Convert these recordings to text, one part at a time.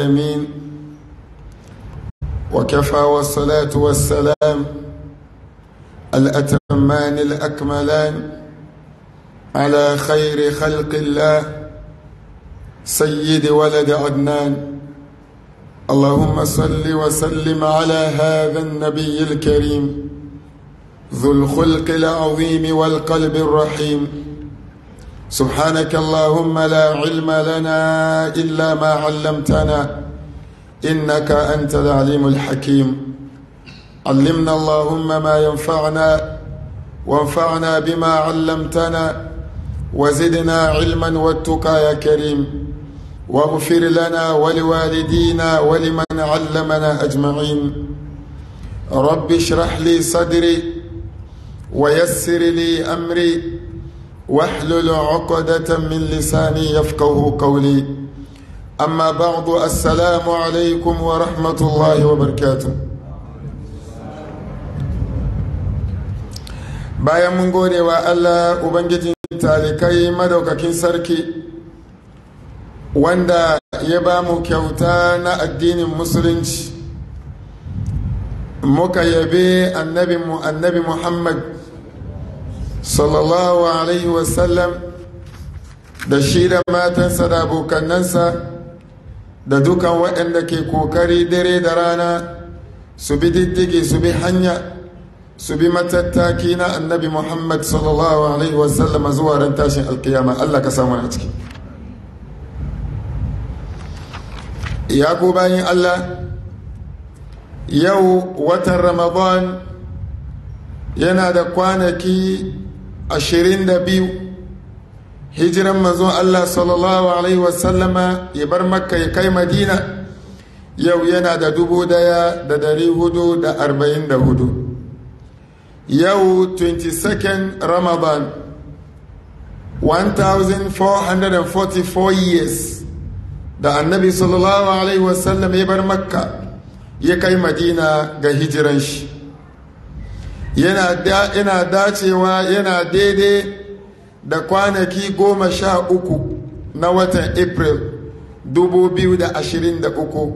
العالمين وكفى والصلاة والسلام الأتمان الأكملان على خير خلق الله سيد ولد عدنان اللهم صل وسلم على هذا النبي الكريم ذو الخلق العظيم والقلب الرحيم سبحانك اللهم لا علم لنا إلا ما علمتنا إنك أنت العليم الحكيم علمنا اللهم ما ينفعنا وانفعنا بما علمتنا وزدنا علما واتقى يا كريم واغفر لنا ولوالدينا ولمن علمنا أجمعين رب اشرح لي صدري ويسر لي أمري واحلل عقدة من لساني يفقه قولي أما بعد السلام عليكم ورحمة الله وبركاته bayan mun gode wa Allah Ubangijin talikai madaukakin sarki wanda ya ba mu kyauta na addinin musulunci muka yabe annabinmu annabi Muhammad sallallahu alaihi wasallam da shi da matansa da abokanansa da dukan waɗanda ke kokari dare da rana su bi diddigi su bi hanya su bi matattaki na annabi muhammad sallallahu alaihi wasallam zuwa ran tashin alkiyama allah ka samu a ciki ya ku bayan allah yau watan ramadan yana da kwanaki ashirin da biyu hijiran manzon Allah sallallahu alaihi wasallama ya bar makka ya kai madina yau yana da dubu daya da dari hudu da arba'in da hudu yau 22nd ramadan 1444 years da annabi sallallahu alaihi wasallam ya bar makka ya kai madina ga hijiran shi yana dacewa yana daidai da kwanaki goma sha uku na watan april 2023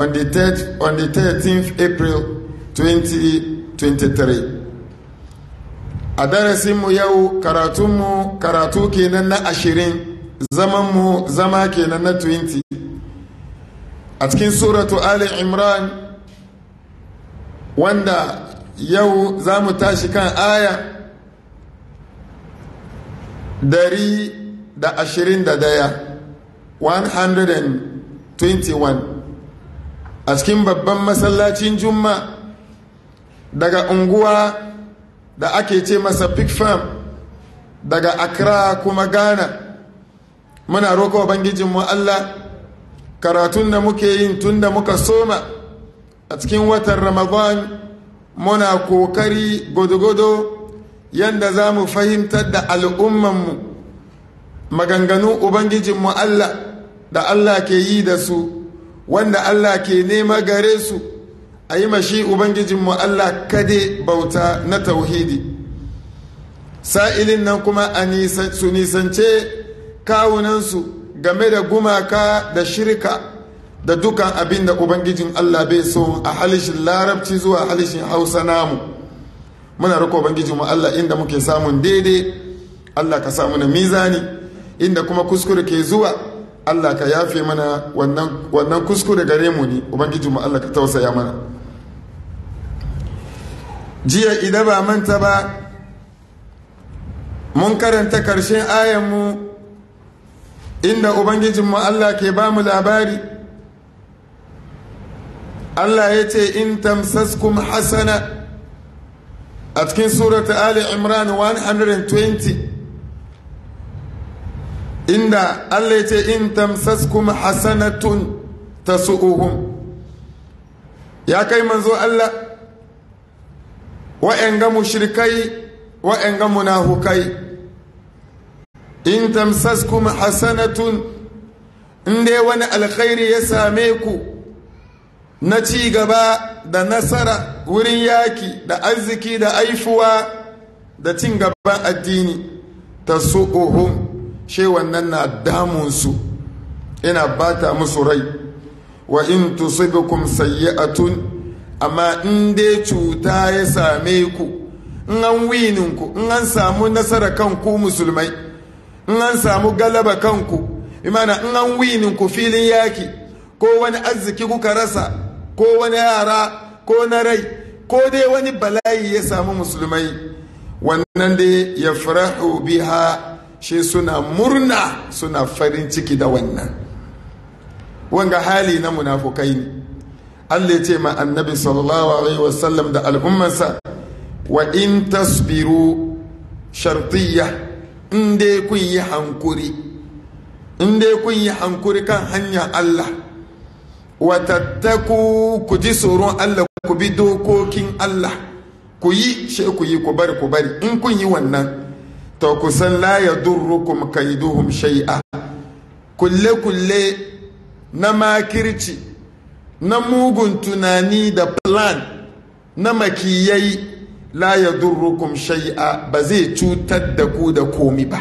on the 13th april 2023 a darasinmu yau karatunmu karatu kenan na ashirin zamanmu zama kenan na 20 a cikin suratu ali imran wanda yau za mu tashi kan aya dari da ashirin da daya 121 a cikin babban masallacin juma daga unguwa da ake ce masa big farm daga accra kuma ghana muna roƙo mu allah karatun da muke yin tun da muka soma a cikin watan ramadan muna kokari gudugudu yadda za mu fahimtar da al'ummanmu maganganu ubangijinmu Allah da Allah ke yi da su wanda Allah ke nema gare su a yi mashi ubangijinmu Allah kade bauta na tauhidi sa'ilin nan kuma su nisance kawunansu game da gumaka da shirka da dukan abin da ubangijin allah bai so a halishin larabci zuwa halishin hausa namu muna riko ubangijin mu allah inda muke samun daidai allah ka samu na mizani inda kuma kuskure ke zuwa allah ka yafe mana wannan kuskure gare mu ne ubangijin mu allah ka tausaya mana jiya idan ba manta ba mun karanta karshen ayanmu inda ubangijinmu allah ke ba mu labari Allah ya ce in tamsaskum hasana a cikin surata Ali Imran 120 inda Allah ya ce in tamsaskum hasanatun tasu'uhum ya kai manzo Allah ga mushrikai wa'yanga munafukai in tamsaskum hasanatun in dai wani alkhairi ya same ku na ci gaba da nasara wurin yaki da arziki da aifuwa da cin gaban addini ta su ohun. she wannan na damunsu ina bata musu rai wa in tusibukum sayyi'atun amma in dai cuta ya same ku in an wininku in an samu nasara kan ku musulmai in an samu galaba kanku imana in an wininku filin yaki ko wani arziki kuka rasa ko wani yara ko na rai ko dai wani bala'i ya samu musulmai wannan da ya farahu biha shi suna murna suna farin ciki da wannan wanga hali na munafukai ne allah ya ce ma annabi sallallahu alaihi wasallam da al'ummarsa wa in tasbiru shartiyya in dai kun yi hankuri in dai kun yi hankuri kan hanyar allah watattaku ku ji tsoron Allah ku bi dokokin Allah ku yi she ku yi ku bari ku bari in kun yi wannan to ku san la yadurrukum kaiduhum shay'a kulle kulle na makirci na mugun tunani da plan na makiyai la yadurrukum shay'a ba zai cutar da ku da komi ba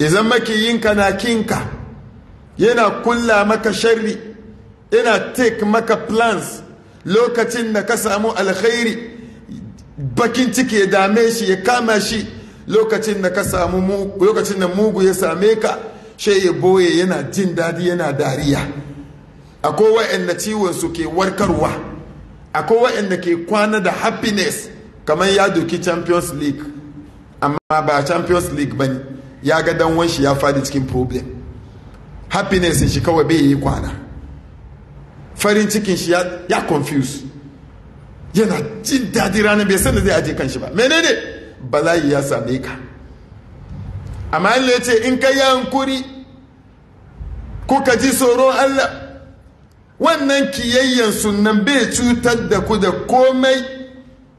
idan makiyinka na kinka yana kulla maka sharri ina take maka plans lokacin da ka samu alkhairi bakin ciki ya dame shi ya kama shi lokacin da ka samu lokacin da mugu ya same ka shi ya boye yana jin dadi yana dariya akwai wa'anda ciwon su ke warkarwa akwai wa'anda ke kwana da happiness kamar ya doki champions league amma ba champions league bane ya ga danwanshi wanshi ya fadi cikin problem happiness shi kawai bai yi kwana farin cikin shi ya confuse yana jin daɗi ranar bai san da zai aje kanshi ba menene bala'i ya same ka amma Allah ce in ka yi hankuri ko ka ji tsoro Allah wannan kiyayyen sunan bai cutar da ku da komai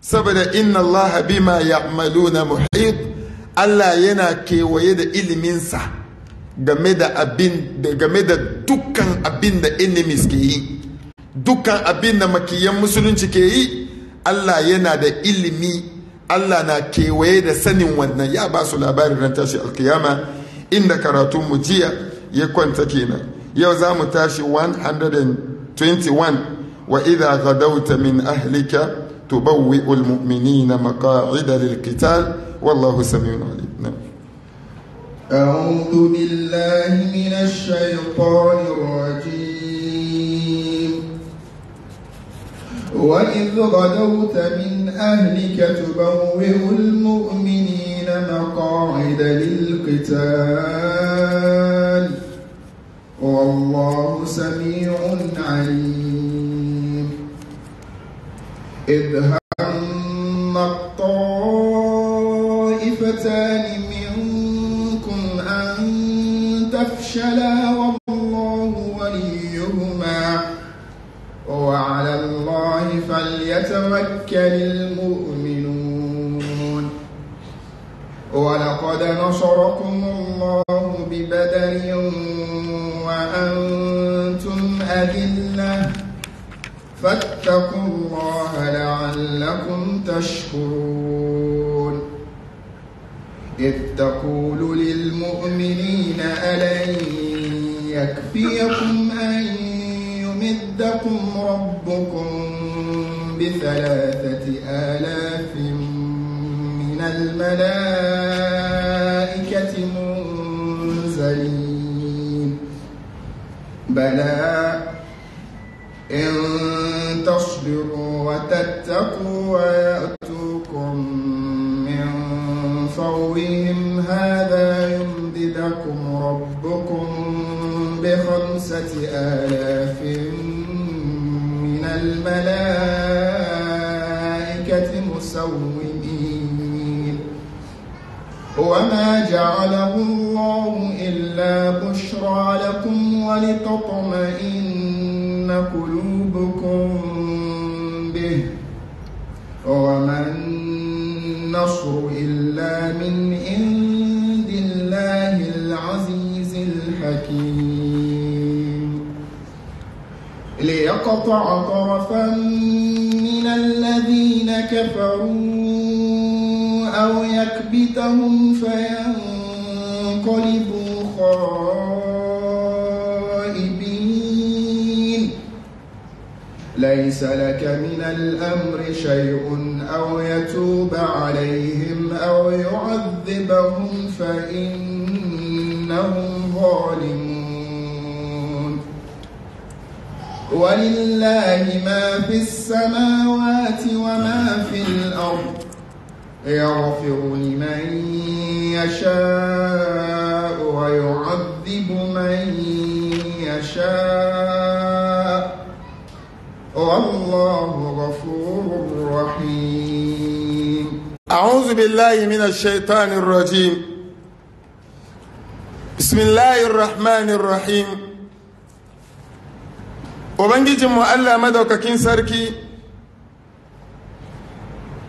saboda inna Allah bima ya'maluna muhit Allah yana kewaye da iliminsa game da abin game da dukkan abin da enemies ke yi dukkan abin da makiyan musulunci ke yi Allah yana da ilimi Allah na kewaye da sanin wannan ya ba su labarin ran tashi alkiyama inda karatun mu jiya ya kwanta kenan yau za mu tashi 121 wa idha ghadawta min ahlika tubawwi'u almu'minina maqa'ida lilqital wallahu samiun alim أعوذ بالله من الشيطان الرجيم وإذ غدوت من أهلك تبوئ المؤمنين مقاعد للقتال والله سميع عليم إذ هم الطائفتان منكم أن تفشلا الشيطان الرجيم بسم الله الرحمن الرحيم ubangijinmu allah madaukakin sarki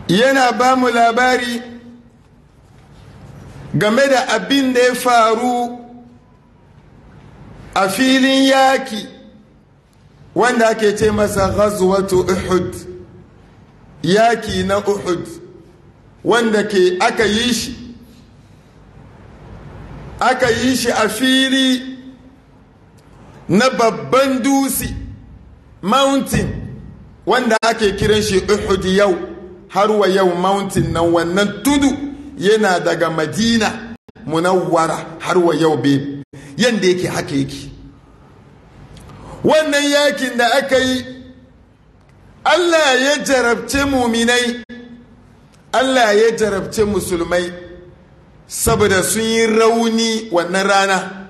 yana ba mu labari game da abin da ya faru a filin yaki wanda ake ce masa ghazwatu uhud yaki na uhud wanda ke aka yi shi aka yi shi a fili na babban dusi mountain wanda ake kiran shi uhud yau har wa yau mountain nan wannan tudu yana daga madina munawwara har wa yau be yanda yake haka yake wannan yakin da aka yi allah ya jarabce muminai allah ya jarabce musulmai saboda sun yi rauni wannan rana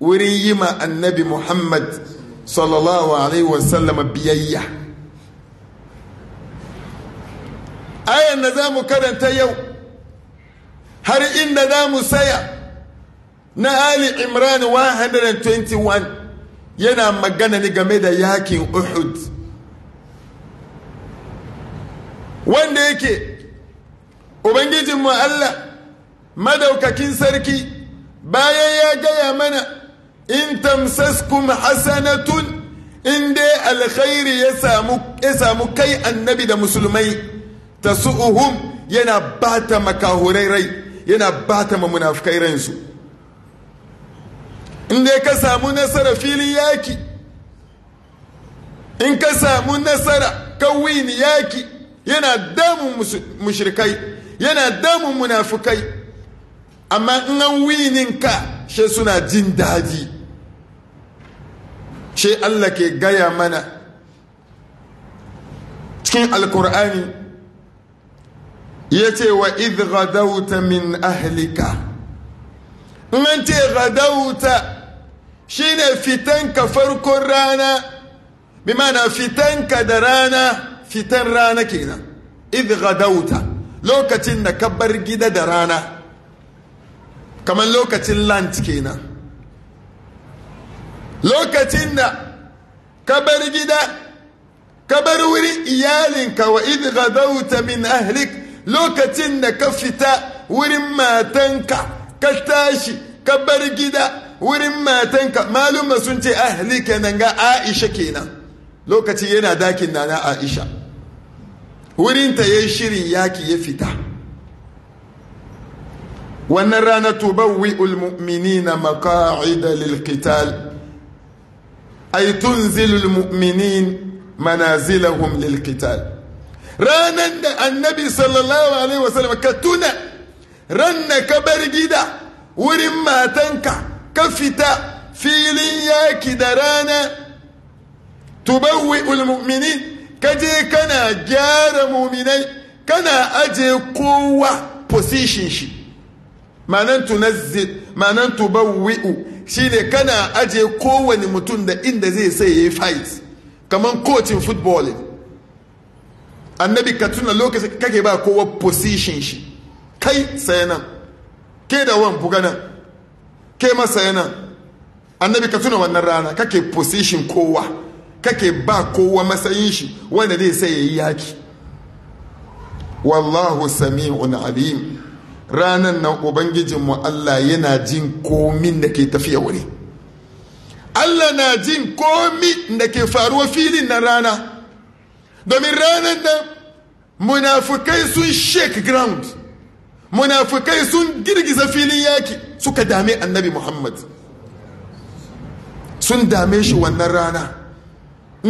wurin yi ma annabi muhammad sallallahu alaihi wasallama biyayya ayan na za mu karanta yau har inda za mu saya na ali imran 121 yana magana ne game da yakin uhud wanda yake ubangijinmu Allah madaukakin sarki bayan ya gaya mana in tamsaskum hasanatun in dai alkhairi ya samu kai annabi da musulmai ta su'uhum yana bata makahurai rai yana bata ma munafikai ransu in dai ka samu nasara filin yaki in ka samu nasara kawin yaki yana damun mushrikai yana damun munafukai amma in an winin ka she suna jin daji she Allah ke gaya mana cikin alkur'ani ya ce wa idghadauta min ahlika in an ce gadauta shine fitanka farkon rana bi mana fitanka da rana fitan rana kenan idghadauta lokacin da ka bar gida da rana kamar lokacin lunch kenan lokacin da ka bar gida ka bar wurin iyalinka wa idghadawta min ahlik lokacin da ka fita wurin matanka ka tashi ka bar gida wurin matanka maluma sun ce ahli nan ga aisha kenan lokaci yana dakin nana aisha wurinta ya yi shirin yaki ya fita wannan rana tubawwi ulmu'minina maka'ida lilqital ay tunzilu almu'minin manazilahum lilqital ranan da annabi sallallahu alaihi wasallam ka tuna ranna ka bar gida wurin matanka ka fita filin yaki da rana tubawwi ulmu'minin ka je kana gyara muminai kana aje kowa position shi manan tunazzil ma'anan tubawwi'u shine kana aje kowane mutum da inda zai sai ya fight kaman coaching football annabi ka tuna lokacin kake ba kowa position shi kai sai nan ke da wan buga nan ke masa nan annabi ka tuna wannan rana kake position kowa kake ba kowa matsayin shi wanda zai sai yayi yaki wallahu sami'un alim ranan nan ubangijinmu Allah yana jin komin da ke tafiya wuri Allah na jin komi da ke faruwa filin na rana domin ranar da munafukai sun shake ground munafukai sun girgiza filin yaki suka dame annabi muhammad sun dame shi wannan rana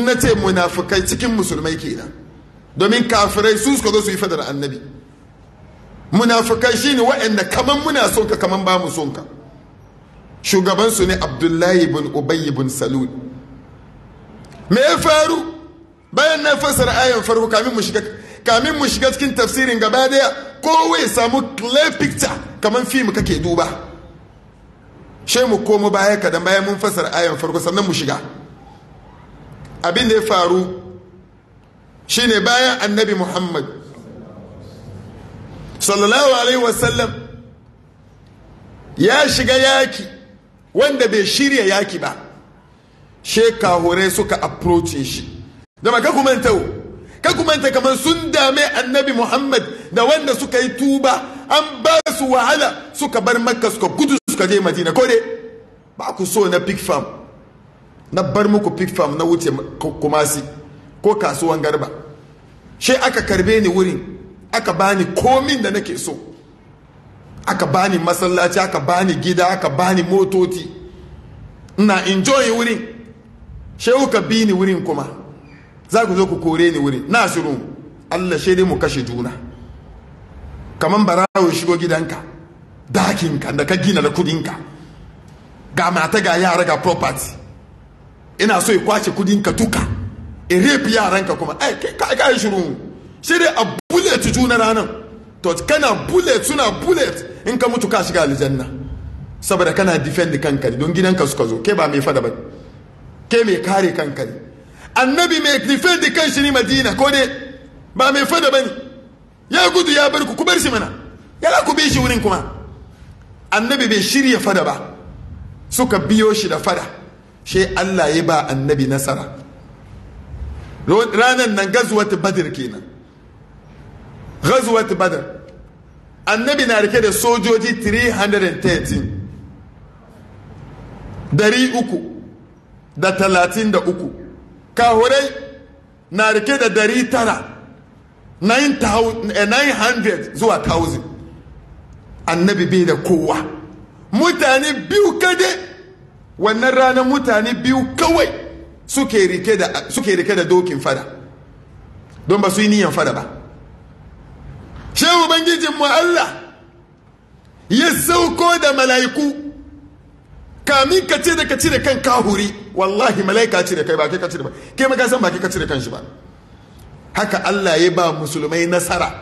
na ce munafukai cikin musulmai kenan domin kafirai su suka zo su yi fadar annabi munafukai shine waɗanda kaman muna son ka kaman ba mu son ka shugaban su ne abdullahi bin ubay bin salul me ya faru bayan na fasara ayan farko kamin mu shiga kamin mu shiga cikin tafsirin gaba daya kowa ya samu clear picture kaman fim kake duba sai mu komo baya kadan bayan mun fasara ayan farko sannan mu shiga abin da ya faru shine bayan annabi muhammad sallallahu alaihi wasallam ya shiga yaki wanda bai shirya yaki ba shekahure suka approachin shi da ba kakumanta kakumanta kamar sun dame annabi muhammad da wanda suka yi tuba an ba su wahala suka bar makka gudu suka je madina ko dai ba ku so na pig farm na bar muku pig farm na wuce kumasi ko kasuwan garba she aka karbe ni wurin aka bani komin da nake so aka bani masallaci aka bani gida aka bani motoci ina enjoy wurin she kuka bi ni wurin kuma za ku zo ku kore ni wurin na shiru Allah shi dai mu kashe juna kaman barawo shigo gidanka dakinka da ka gina da kudinka ga mata ga yara ga property ina so ya kwace kudin ka duka in rape yaranka kuma ai kai kai shiru shi dai a bullet juna ranan to kana bullet suna bullet in ka mutu ka shiga aljanna saboda kana defend kanka don gidanka suka zo ke ba mai fada ba ke mai kare kanka annabi mai defend kanshi ne madina ko ne ba mai fada ba ne ya gudu ya bar ku ku bar shi mana ya ku bi shi wurin kuma annabi bai shirya fada ba suka biyo shi da fada she Allah ya ba annabi nasara ranar nan gazuwat badir kenan gazuwat badir annabi na rike da sojoji 313 dari uku da talatin da uku kahurai na rike da dari tara 900 eh, zuwa 1000 annabi bai da kowa mutane biyu kade wannan ranar mutane biyu kawai suke rike da dokin fada don ba su yi niyan fada ba Shehu bangijin mu Allah ya sauko da mala'iku kamin ka ce da ka cire kan kahuri wallahi mala'ika cire kai ba ke ka cire ba kai maka san ba ke ka cire kan shi ba haka Allah ya ba musulmai nasara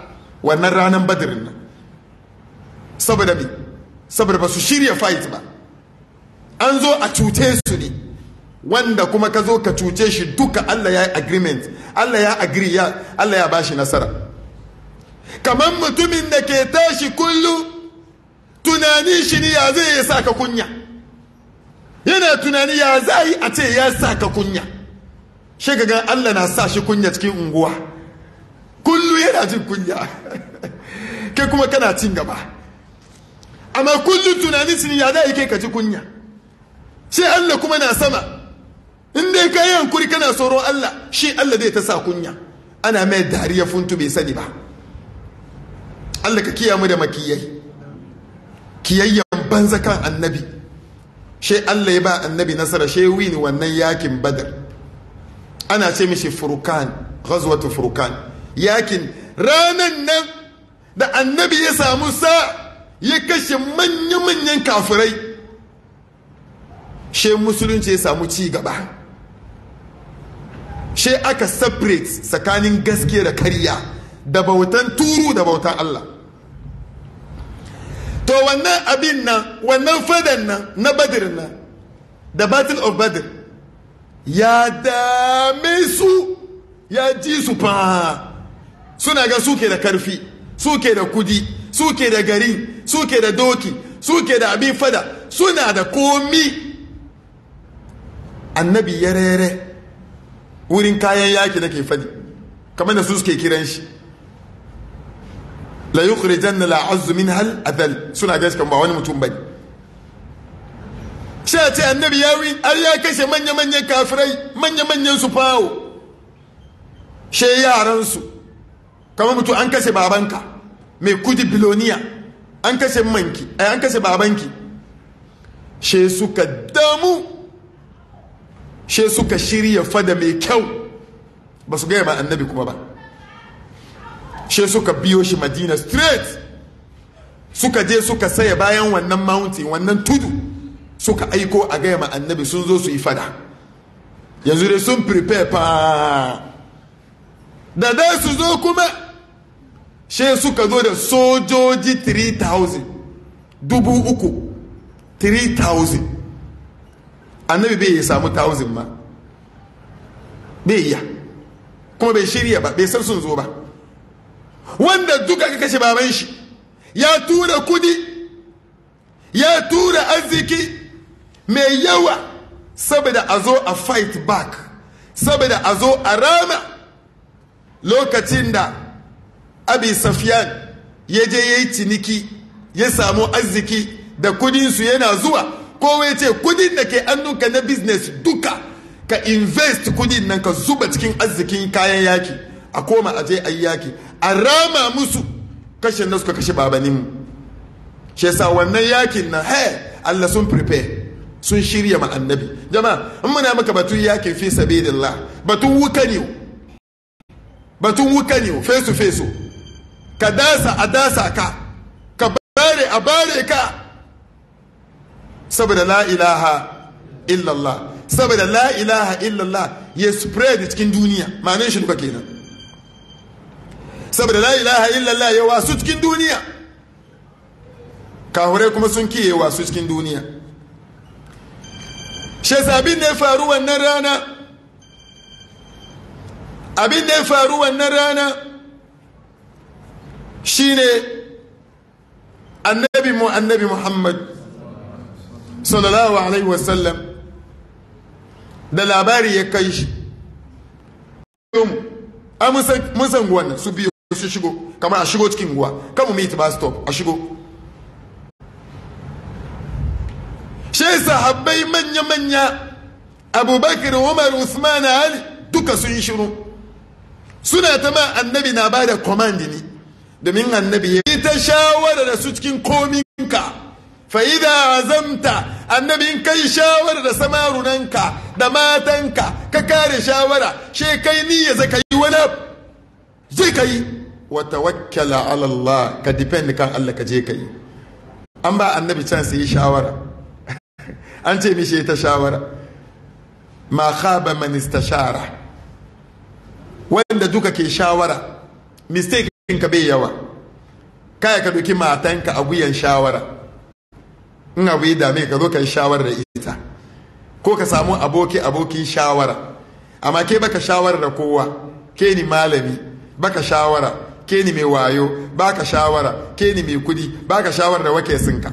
wannan ranar badirin nan saboda bi saboda ba su shirya fight ba an zo a cuce su ne wanda kuma ka zo ka cuce shi duka Allah ya yi agreement Allah ya agree ya Allah ya bashi nasara kamar mutumin da ke tashi kullu tunani shi ne ya zai ya saka kunya yana tunani ya zai a ce ya saka kunya shi ga Allah na sa shi kunya cikin unguwa kullu yana jin kunya kai kuma kana cin gaba amma kullu tunani shi ne ya zai kai ka ji kunya sai Allah kuma na sama in dai ka yi hankuri kana tsoron Allah shi Allah zai ta sa kunya ana mai dariya funtu bai sani ba Allah ka kiya mu da makiyai Kiyayyen banza kan annabi shi Allah ya ba annabi nasara shi wini wannan yakin badar ana ce mishi furkan ghazwatu furkan yakin ranan nan da annabi ya samu sa ya kashe manya-manyan kafirai she musulunci ya samu ci gaba she aka separate tsakanin gaske da karya da bautan turu da bautan Allah to wannan abin nan wannan fadan nan na badir nan the battle of badir ya dame su ya ji su fa suna ga suke da karfi suke da kudi suke da gari suke da doki suke da abin fada suna da komi annabi ya rere wurin kayan yaki nake fadi kamar da su suke kiran shi la yukhrijanna la azzu min hal adal suna gashi kan ba wani mutum bane sai ce annabi ya wi har ya kashe manya manyan kafirai manya manyan su fawo she yaran su kamar mutum an kashe babanka mai kudi biloniya an kashe manki eh, an kashe babanki she suka damu she suka shirya fada mai kyau ba su gaya ma annabi kuma ba she suka biyo shi madina straight suka je suka saya bayan wannan mountain wannan tudu suka aiko a gaya ma annabi sun zo su yi fada yanzu dai sun prepare fa da dai su zo kuma she suka zo da sojoji 3000 dubu uku 3000 annabi bai samu thousand ma bai iya kuma bai shirya ba bai san sun zo ba wanda duka ka kashe baban shi ya tura kudi ya tura arziki mai yawa saboda a zo a fight back saboda a zo a rama lokacin da abi safiyan ya je ya yi ciniki ya samu arziki da kudinsu yana zuwa kowa ya ce kudin da ke annunka na business duka ka invest kudin nan ka zuba cikin arzikin kayan yaki a koma a je ayi yaki a rama musu kashe na suka kashe babaninmu shi yasa wannan yakin nan he Allah sun prepare sun shirya ma annabi jama'a in muna maka batun yakin fi sabilillah batun wuka ne batun wuka ne fesu fesu ka dasa a dasa ka ka bare a bare ka saboda la ilaha illallah saboda la ilaha illallah ya spread cikin duniya ma'anin shi duka kenan saboda la ilaha illallah ya wasu cikin duniya kahure kuma sun kiye wasu cikin duniya shi abin da ya faru wannan rana abin da ya faru wannan rana shine annabi mu annabi muhammad sallallahu alaihi wasallam da labari ya kai shi a musan san wannan su biyu su shigo kamar a shigo cikin guwa kamu mu meet bus stop a shigo shi sahabbai manya-manya abubakar umar usman ali duka sun shiru suna ta ma annabi na ba da command ne domin annabi ya ta shawara da su cikin kominka fa'ida azamta annabi in kai shawara da samarunanka da matanka ka kare shawara she kai niyya zaka yi wani zai ka yi Wata tawakkala ala Allah ka depend kan Allah ka je ka yi an ba annabi can sai yi shawara an ce mishi ta shawara ma khaba man Shara. wanda duka ke shawara mistake ka bai yawa kaya ka doki matanka a guyan shawara in abu ya dame ka zo ka yi shawarar ita ko ka samu aboki aboki shawara amma ke baka shawarar da kowa ke ni malami baka shawara ke ni mai wayo baka shawara ke ni mai kudi baka shawarar da wake sinka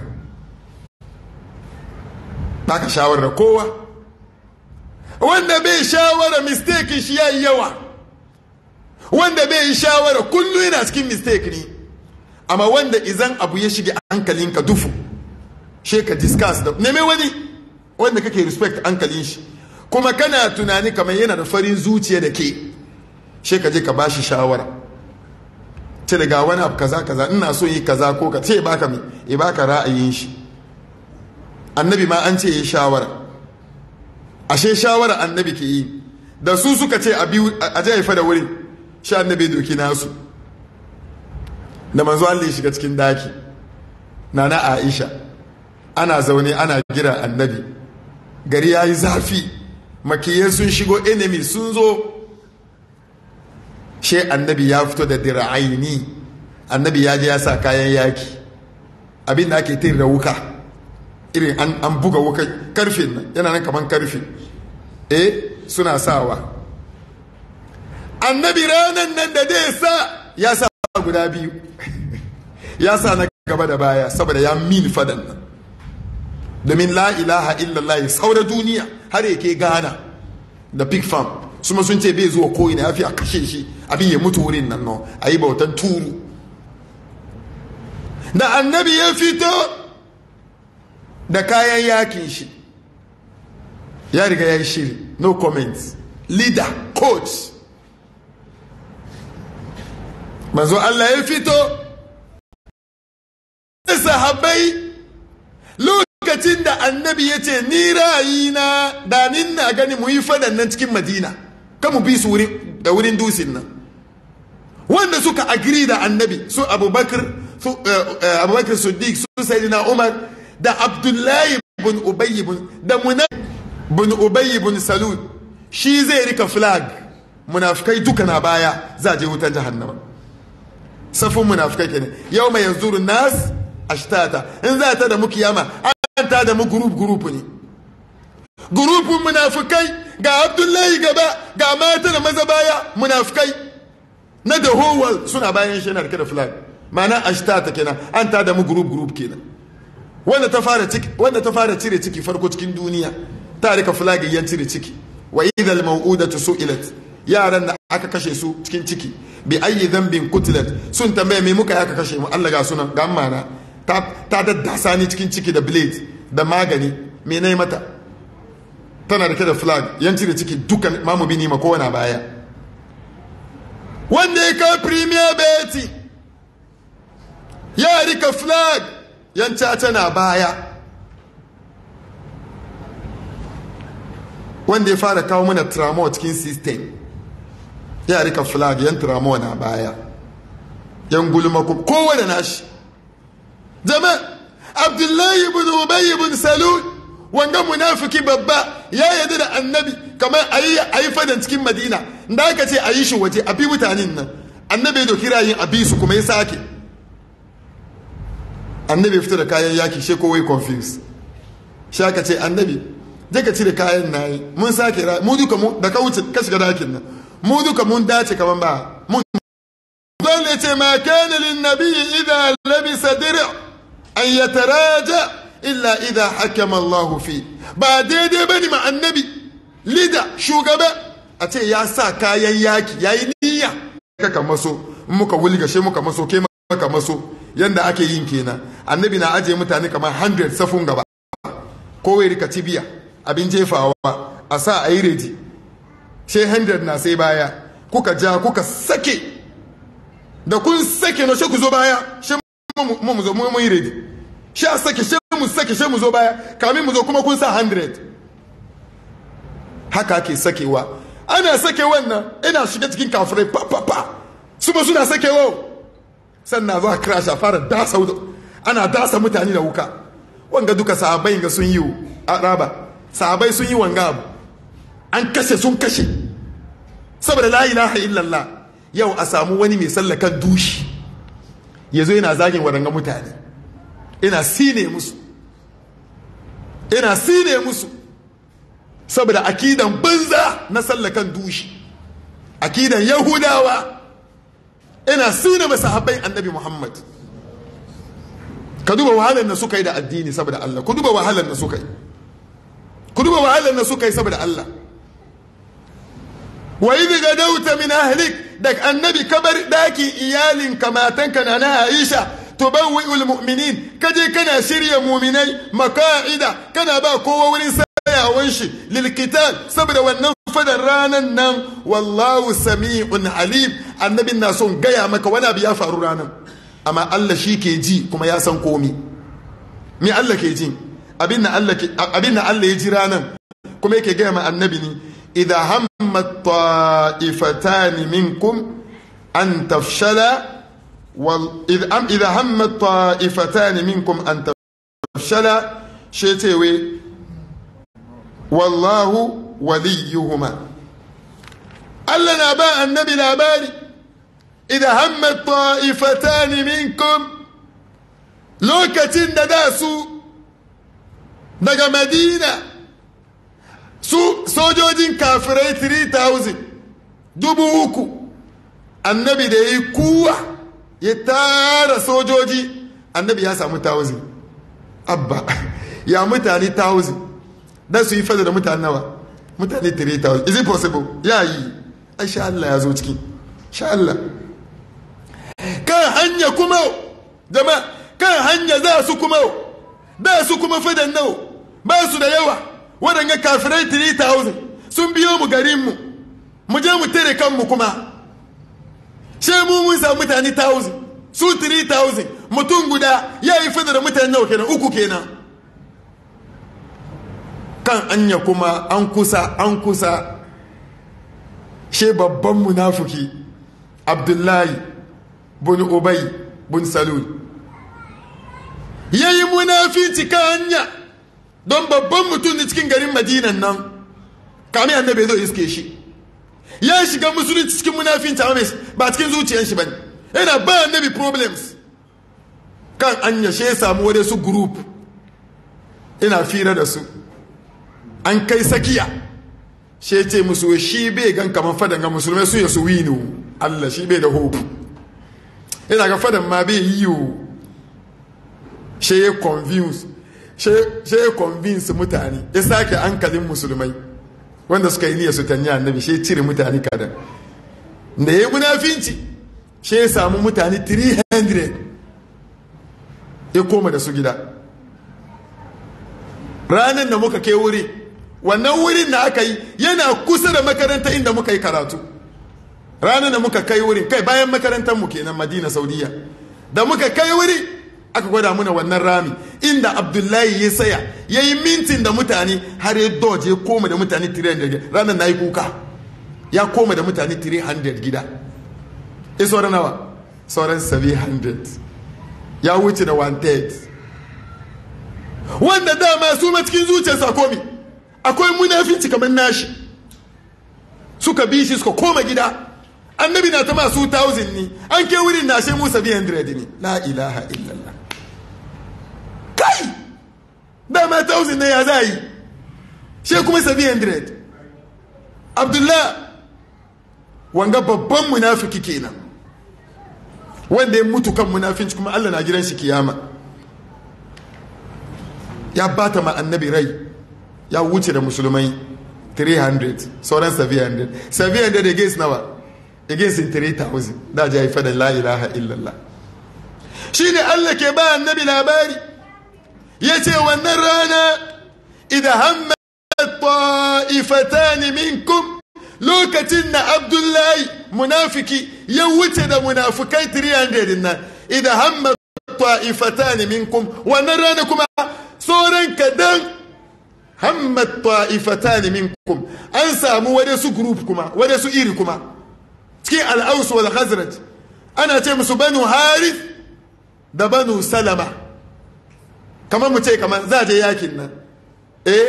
baka shawarar da kowa wanda bai shawara mistake shi ya yi yawa wanda bai yi shawara kullum yana cikin mistake ne amma wanda izan abu ya shige hankalinka dufu she ka discuss da neme wani wanda kake respect hankalin shi kuma kana tunani kamar yana da farin zuciya da ke she ka je ka bashi shawara ce daga wani abu kaza kaza ina so yi kaza ko ka ce baka mi e baka ra'ayin shi annabi ma an ce yi shawara ashe shawara annabi ke yi da su suka ce a je haifa da wurin shi annabi doki nasu da manzo Allah ya shiga cikin daki nana Aisha ana zaune ana gira annabi gari ya yi zafi makiyai sun shigo enemy sun zo she annabi ya fito da dirayini annabi ya je ya sa kayan yaki abin da ake tin wuka irin an, buga wuka karfin nan yana nan kaman karfi eh suna sawa annabi ranan nan da zai sa ya sa guda biyu ya sa na gaba da baya saboda ya min fadan nan domin la ilaha illallah saura duniya har yake gana da pig farm su sun ce bai zuwa ko ina yafi a kashe shi abin ya mutu wurin nan no a yi bautan turu da annabi ya fito da kayan yakin shi ya riga ya yi shiri no comments leader coach manzo Allah ya fito sahabbai lokacin da annabi ya ce ni na da nin na gani mu yi fadan nan cikin madina ka mu bi su da wurin dusin nan wanda suka agiri da annabi su abubakar su eh, eh, abubakar siddiq su sayyidina umar da abdullahi bin ubay bin da muna bin ubay bin salud shi zai rika flag munafikai duka na baya za je wutan jahannama safin munafikai kenan yau mai yanzu nas ashtata in za ta da mu kiyama ta da mu group group ne gurufin munafukai ga abdullahi gaba ga mata da maza baya munafukai na da howal suna bayan shi na da flag ma'ana ashta ta kenan an ta da mu group group kenan wanda ta fara cire ciki farko cikin duniya ta rika flag yan cire ciki wa idhal maw'udatu su'ilat yaran da aka kashe su cikin ciki bi ayi dhanbin qutilat sun tambaye me muka aka kashe mu Allah ga sunan ga mana ta ta daddasa ni cikin ciki da blade da magani me na yi mata tana rike da flag yanci da ciki duka mamu bini ma kowane baya wanda ya kawo premier beti ya rika flag a tana baya wanda ya fara kawo mana tramo cikin system ya rika flag yan tramo na baya yan gulma kowane nashi jama'a abdullahi ibn ubay ibn salul wanda munafiki babba ya yadda da annabi kamar ayi ayi fadan cikin madina da aka ce ayi shi waje abi mutanen nan annabi ya doki a abi su kuma ya sake annabi ya fita da kayan yaki she kowai confused shi aka ce annabi je ka cire kayan nayi mun sake mu duka mu da ka wuce ka shiga dakin nan mu duka mun dace kaman ba mun dole ce ma kana lin nabi idan labisa dir'a an taraja illa idan hakama Allahu fi ba daidai bane ma annabi lida shugaba a ce ya sa kayan yaki yayi niyya ka maso muka shi muka maso ke maka maso yanda ake yin kenan annabi na ajiye mutane kamar 100 safun gaba kowai rika cibiya abin jefawa a sa a yi reji she 100 na sai baya kuka ja kuka sake da kun sake na ku zo baya mu mu zo mu yi ready sha sake shi mu sake she mu zo baya kamin mu zo kuma kun sa 100 haka ake sakewa ana sake wannan ina shiga cikin kafirai pa pa pa su ba suna sakewa sannan zo a crash a fara dasa ana dasa mutane da wuka wanga duka sahabai ga sun yi raba sahabai sun yi wanga abu an kashe sun kashe saboda la ilaha illallah yau a samu wani mai sallakan dushi ya zo yana zagin waɗanga mutane ina sine musu ina sine musu saboda akidan banza na sallakan dushi akidan yahudawa ina sine masahabbai annabi muhammad ka duba wahalar da suka yi da addini saboda allah ku duba wahalar da suka yi ku duba wahalar da suka yi saboda allah wa daga Dauta min ahlik da annabi ka bar daki iyalinka matanka na na Aisha tubawwi'ul mu'minin kaje kana shirya mu'minai maka'ida kana ba kowa wurin tsayawan shi lilkital saboda wannan fadar ranan nan wallahu sami'un alim annabin na son gaya maka wani abu ya faru ranan amma Allah shi ke ji kuma ya san komi me Allah ke ji abin na Allah ya ji ranan kuma yake gaya ma annabi ne إذا هم الطائفتان منكم أن تفشلا إذا هم الطائفتان منكم أن تفشلا شيتوي والله وليهما ألا نباء النبي الأباري إذا هم الطائفتان منكم لوكتين داسو نجا مدينة su sojojin kafirai 3000 dubu uku annabi da ya yi kuwa ya tara sojoji annabi ya samu 1000 abba ya mutane 1000 don su yi fada da mutane nawa mutane 3000 is it possible ya yi a sha Allah ya zo ciki sha Allah kan hanya kuma jama'a kan hanya za su kuma da su kuma fadan nawa ba su da yawa waɗanga kafirai 3000 sun biyo mu garinmu mu je mu tere kanmu kuma she mu mun samu mutane 1000 su 3000 mutum guda ya yi fi da mutane nawa kenan uku kenan kan anya kuma an kusa an kusa she babban munafuki abdullahi bin ubay bin salul yayi munafici kan anya don babban mutum ne cikin garin madinan nan kamar annabi zo iske shi ya shiga musulunci cikin munafin tamis ba cikin zuciyar shi bane yana ba annabi problems kan an yashe samu wani su group ina fira da su an kai sakiya shi ce musu shi bai gan kamar fadan ga musulmai su ya su wino Allah shi bai da hope ina ga fadan ma bai yi yiwu shi ya confuse she ya convince mutane ya sake hankalin musulmai wanda suka yi niyya su tanya annabi she cire mutane kadan da ya munafinci she ya samu mutane 300 ya koma da su gida ranar da muka kai wuri wannan wurin da aka yi yana kusa da makaranta inda muka yi karatu ranar da muka kai wurin kai bayan makarantar mu kenan madina saudiya da muka kai wuri aka gwada muna wannan rami inda abdullahi ya saya ya yi mintin da mutane har ya doje ya koma da mutane 300 ranar na yi kuka ya koma da mutane 300 gida ya eh, saura nawa sauran 700 ya wuce da 1 wanda dama su ma cikin zuciyarsa komi akwai munafinci kamar nashi suka bi shi suka koma gida annabi na ta masu 1000 ne an ke wurin nashe mu 700 ne la ilaha illallah kai dama thousand ne ya za yi shi kuma 700 abdullah wanga babban munafiki kenan wanda ya mutu kan munafinci kuma allah na jiran shi kiyama ya bata ma annabi rai ya wuce da musulmai 300 sauran 700 700 against nawa against 3000 da ji haifa da la ilaha illallah shi ne allah ke ba annabi labari ya ce wannan rana idan hamma ta'ifatani minkum lokacin da abdullahi munafiki ya wuce da munafikai 300 nan idan hamma ta'ifatani minkum wannan rana kuma sauran kadan hamma ta'ifatani minkum an samu wadansu group kuma wadansu iri kuma cikin al'ausu wal khazraj ana ce musu banu harith da banu salama kamar mu ce kamar za je yakin nan eh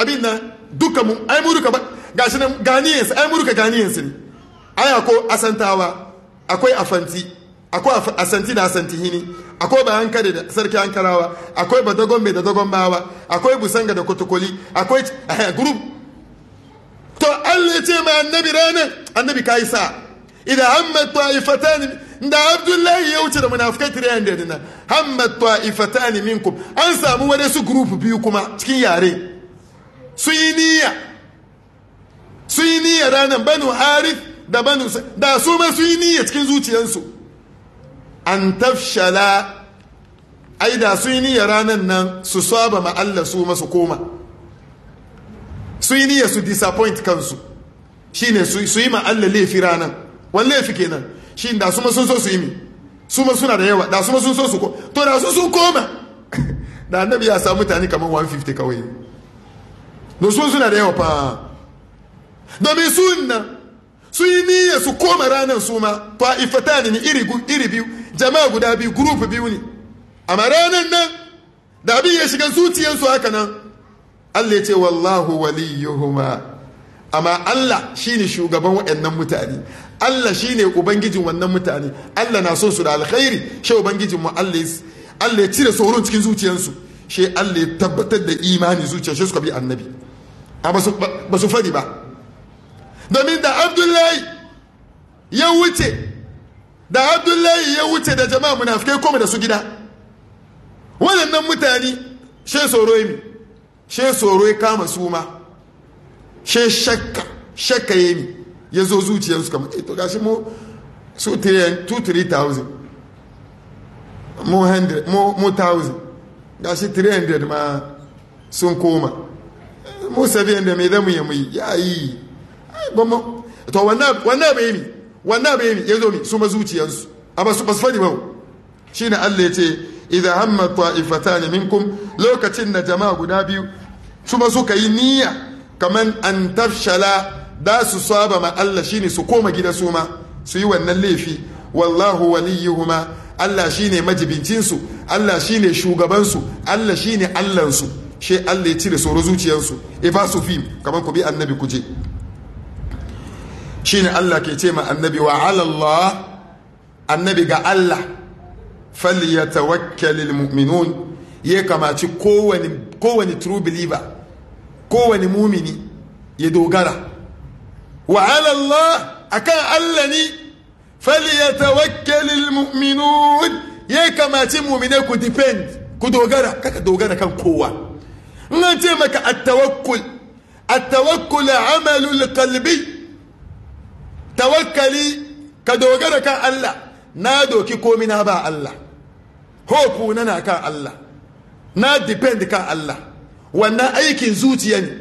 abin nan duka mu ai muruka ba gashi nan ganiyan ai muruka ganiyan ne aya ko asantawa akwai afanti akwai asanti da asanti hini akwai ba hankali da sarki hankalawa akwai dogon mai da dagon bawa akwai busanga da kotokoli akwai eh, group to Allah ya ce ma annabi ranar annabi kai sa idan hamma ta'ifatan da abdullahi ya wuce da munafikai 300 na hammat min minkum an samu wani su group biyu kuma cikin yare sun yi niyya sun yi niyya ranar banu harif da banu da su ma sun yi niyya cikin zuciyarsu an tafshala ai da sun yi niyya ranar nan su saba ma Allah su masu koma sun yi niyya su disappoint kansu shine su yi ma Allah laifi ranar wani laifi kenan shi da su sun so su yi mi su ma suna da yawa da su sun so su ko to da su sun koma da annabi ya samu mutane kamar 150 kawai da su suna da yawa fa domin sunna su yi niyya su koma ranar su ma ta'ifata ne iri iri biyu jama'a guda biyu group biyu ne amma ranar nan da abin ya shiga zuciyarsu haka nan Allah ya ce wallahu waliyuhuma amma Allah shine shugaban waɗannan mutane Allah shi ne ubangijin wannan mutane Allah na son su da alkhairi shi ubangijin mu Allah ya cire tsoron cikin zuciyarsu shi Allah ya tabbatar da imani zuciya shi suka bi annabi a ba su ba domin da Abdullahi ya wuce da Abdullahi ya wuce da jama'a munafikai koma da su gida waɗannan mutane shi tsoro yi mi shi tsoro ya kama su ma shi shakka shakka yi mi ya zo zuciyarsu kamar eh to gashi mu su 3000 mu 100 mu 1,000 gashi 300 ma sun koma mu 700 mai zamu ya muyi ya yi to wannan bai mi wannan bai mi ya zo mi su ma zuciyarsu a ba su ba fadi ba shi ne allah ya ce idan hamma ta'ifata ne minkum lokacin da jama'a guda biyu su ma suka yi niyya kamar an tafshala da su saba ma Allah shine su koma gida su ma su yi wannan laifi wallahu waliyuhuma Allah shine majibincinsu Allah shine shugabansu Allah shine Allahnsu shi Allah ya cire tsoro zuciyarsu e ba su fi kamar ku bi annabi ku je shine Allah ke ce ma annabi wa ala Allah annabi ga Allah falyatawakkalul mu'minun ya kamaci kowani kowani true believer kowani mumini ya dogara وعلى a kan allah ni fali ya muminu ya kamace muminai ku depend ku dogara kaka dogara kan kowa ina ce maka at-tawakkul at-tawakkul amalul qalbi tawakkali ka dogara kan Allah na doki komi na ba Allah hoku na na kan Allah na depend kan Allah wannan aikin zuciya ne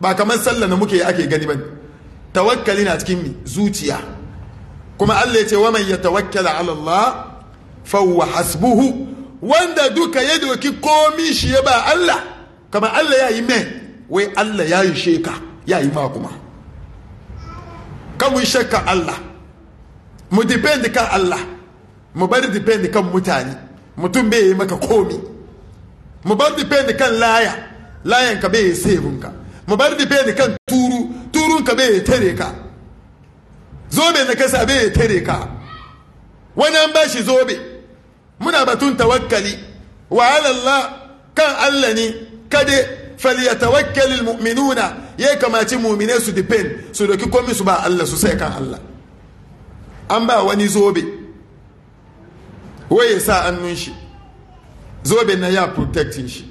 ba kamar sallah na muke ake gani ba. tawakkali na cikin zuciya kuma Allah ya ce waman ya tawakkala ala Allah fawwa hasbuhu wanda duka ya doki komi shi ya ba Allah kuma Allah ya yi mai wai Allah ya yi sheka ya yi ma kuma kan mun shakka Allah mu depend kan Allah mu bar depend kan mutane mutum bai yi maka komi mu bar depend kan laya layan ka bai yi ka mu bar depend kan turu ka bai tare ka zobe na kasa bai tare ka wani an bashi zobe muna batun tawakkali wa alallah kan Allah ne kade falyatawakkalil mu'minuna ya kamaci mu'mine su depend su doki komai su ba Allah su sai kan Allah an ba wani zobe waye sa annun shi zobe na ya protectin shi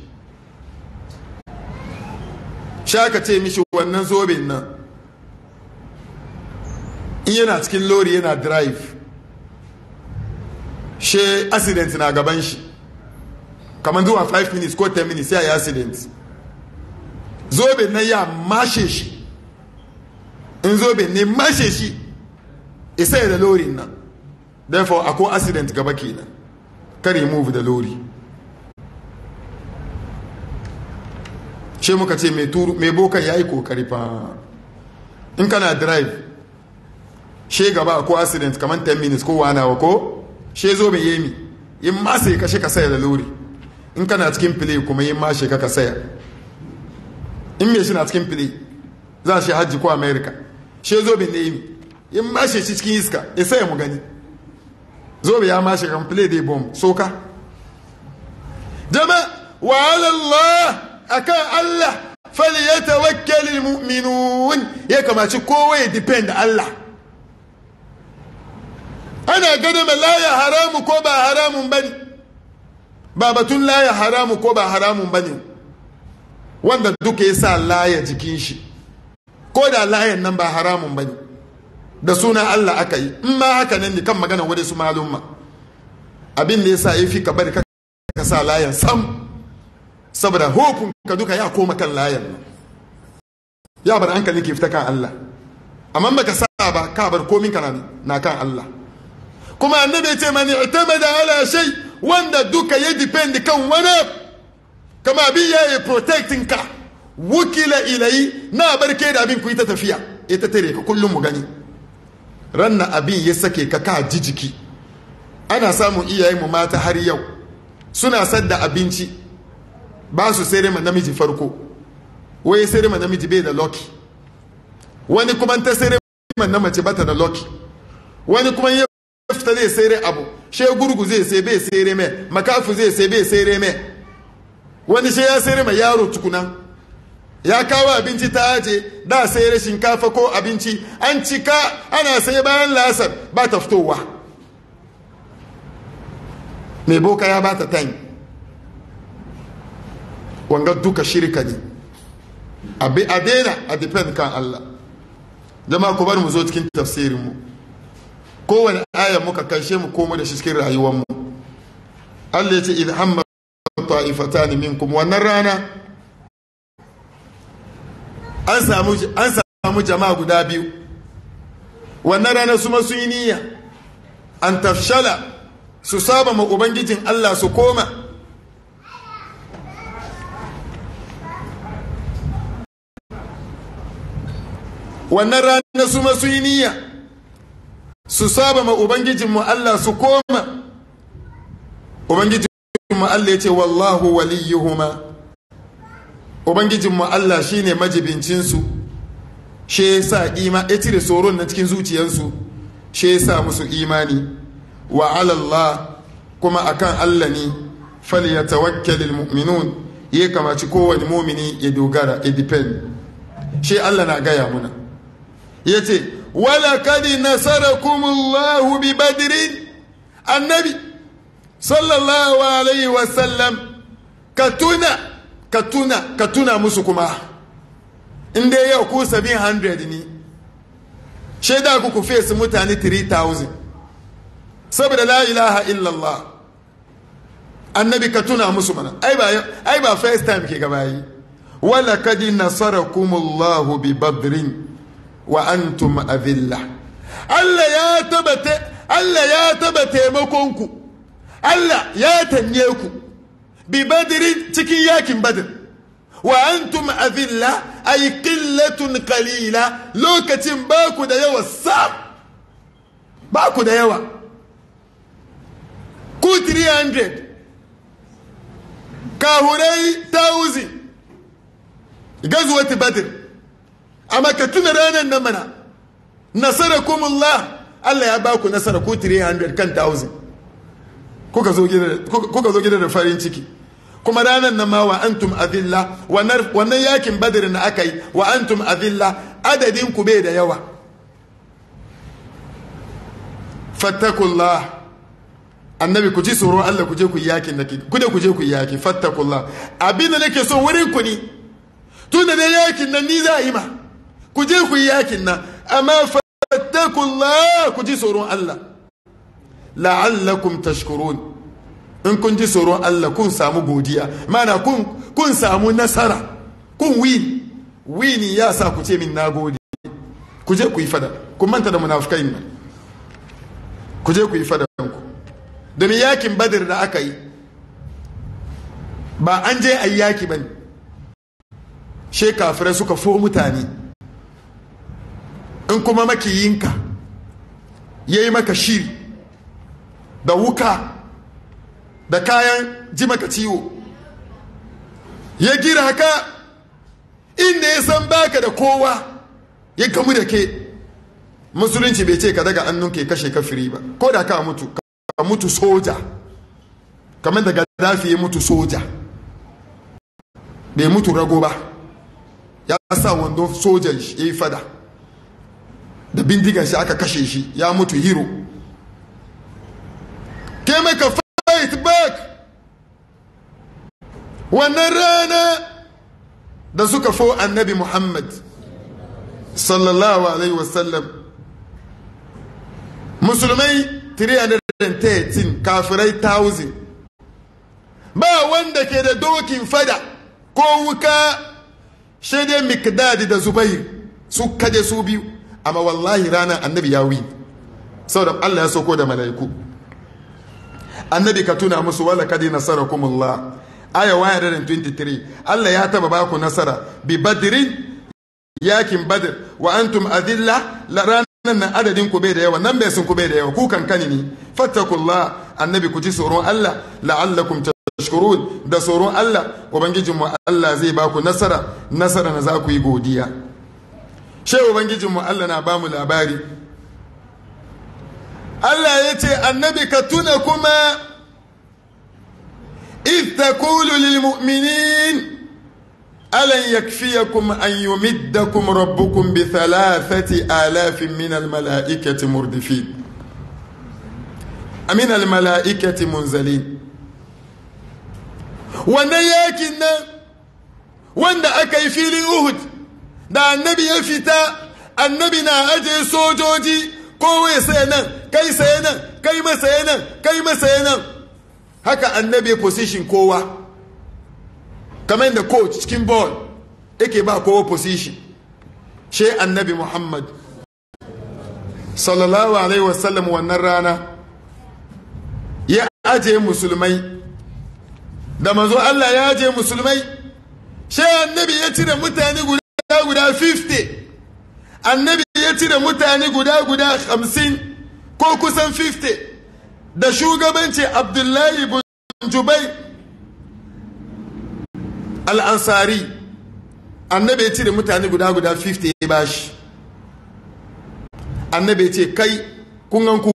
shaka ce mishi wannan zobe nan in yana cikin lori yana drive she accident na gaban shi kamar zuwa 5 minutes ko 10 minutes ya yi accident zobe na ya mashe shi in zobe ne mashe shi isa e da lori nan therefore akwai accident gaba kenan kare move da lori she muka ce mai bokan ya yi kokari fa in kana drive she gaba ko accident kamar 10 minutes ko wani wa ko she zo bai yemi in ma sai ka ka saya da lori in kana cikin play kuma yin ma she ka saya in me shi na cikin play za shi hajji ko america she zo bai nemi in ma she shi cikin iska ya saya mu gani zo bai ya ma she kan play dai bomb soka jama wa ala allah akan allah falyatawakkal almu'minun ya kamaci kowa ya depend Allah ana gane ma laya haramu ko ba haramun ba ne ba batun laya haramu ko ba haramun ba ne wanda duka ya sa laya jikin shi ko da layan nan ba haramun ba ne da suna allah aka yi in ma haka nan ne kan magana wadda su malumma abin da ya sa ya fi ka bari ka sa layan sam saboda hukun ka duka ya koma kan layan nan ya bar an hankali ke fita kan allah amma ka sa ba ka bar komin ka na kan allah kuma annabi ya ce man i'tamada ala shay wanda duka ya depend kan wani kama bi ya yi protecting ka wukila ilayi na barke da abin ku ta tafiya ita tare ka kullum mu gani ranna abin ya sake ka ka jijiki jiki ana samun iyaye mu mata har yau suna sadda abinci ba su sai ma namiji farko wai sai ma namiji bai da loki wani kuma ta sai dai na mace bata da loki wani kuma ya fita zai sayar abu she gurgu zai sai bai sayar mai makafu zai sai bai sayar mai wani she ya sayar mai yaro tukuna ya kawo abinci ta aje da sayar shinkafa ko abinci an cika ana sai bayan lasar ba ta fitowa mai boka ya ba ta yi wanga duka shirka ne a daina a depend kan Allah jama'a ku bar mu zo cikin tafsirinmu mu kowane aya muka karshe mu komo da shi cikin rayuwarmu Allah ya ce idh hamma ta'ifatan minkum wannan rana an samu an samu jama'a guda biyu wannan rana su su yi niyya an tafshala su saba ma ubangijin Allah su koma wannan rana su masu yi niyya su saba ma ubangijinmu Allah su koma ubangijinmu Allah ya ce wallahu waliyuhuma ubangijinmu Allah shine majibincinsu shi sa ima ya cire tsoron na cikin zuciyarsu shi sa musu imani wa Allah kuma akan Allah ne fal falyatawakkalul mu'minun ya kamaci kowane mumini ya dogara ya depend shi Allah na gaya muna ce. ولقد نصركم الله ببدر النبي صلى الله عليه وسلم كتنا كتنا كتنا مسكما in dai yau ku 700 ne shaida ku ku fesa mutane 3000 saboda la ilaha illallah annabi ka tuna musu mana ai ba first time ke gaba yi wala kadi nasarakumullahu bi badrin wa antum tuma Allah ya taba Allah ya taba taimakon ku Allah ya tanye ku bi badrin cikin yakin badr wa antum azilla ay qillatun qalila lokacin ba ku da yawa sam ba ku da yawa ku 300 kahurai 1000 gazwat badr amma ka tuna ranar nan mana nasara kumullah Allah ya baku nasara ko 300 kan 1000 kuka zo gida da farin ciki kuma ranar nan ma wa antum adilla wannan yakin badiri na aka yi wa antum adilla adadin ku bai da yawa fattakullah annabi ku ji tsoron Allah ku je ku yakin na, ku da ku je ku yaki fattakullah abin da nake so wurin ku ne tun da yakin nan ni za a yi ma ku je ku yi yakin nan amma la ku ji tsoron Allah la'allakum tashkurun in kun ji tsoron Allah kun samu godiya mana kun kun samu nasara kun win win ya sa ku ce min nagode ku je ku yi fada kun manta da munafikai nan ku je ku yi fada ku domin yakin badir da aka yi ba an je ayyaki bane she kafirai suka fo mutane in kuma makiyinka ya yi maka shiri da wuka da kayan ji maka ciwo ya gira ka inda ya san baka da kowa ya gamu da ke musulunci bai ce ka daga annun ke kashe kafiri ba ko da ka mutu ka mutu soja kamar da gaddafi ya mutu soja bai mutu rago ba ya sa wando sojan shi ya yi fada da bindigan shi aka kashe shi ya mutu hero ke maka fight back wannan rana da suka fo annabi muhammad sallallahu alaihi wasallam musulmai 313 kafirai 1000 ba wanda ke da dokin fada ko wuka shaidai mikdadi da zubair su kaje su biyu amma wallahi rana annabi ya wi saboda Allah ya soko da mala'iku annabi ka tuna musu wala kadi nasarakumullah aya 123 Allah ya taba baku nasara bi badrin yakin badr wa antum adilla la ranan nan adadin ku bai da yawa nan bai sun ku bai da yawa kukan kani ne fattakullah annabi ku ji tsoron Allah la'allakum tashkurun da tsoron Allah ubangijinmu Allah zai baku nasara nasara na za ku yi godiya shehu mu allah na bamu labari allah ya ce annabi ka tuna kuma ita kulu lilmu'minin alan yakfiya kuma an yi midda kuma rabu kumbi talafati alafin minal mala'ikati murdifi a minal mala'ikati munzali wannan yakin nan wanda aka yi filin uhud da annabi ya fita annabi na aje sojoji kowai sai nan kai sai nan kai masa nan kai masa nan haka annabi ya position kowa kamar da coach cikin ball yake ba kowa position she annabi muhammad sallallahu alaihi wasallam wannan rana ya aje musulmai da manzo allah ya aje musulmai she annabi ya cire mutane guda guda 50 annabi ya cire mutane guda guda 50 ko kusan 50 da shugabanci abdullahi bin jubai al'ansari annabi ya cire mutane guda guda 50 ya bashi annabi ya ce kai kungan ku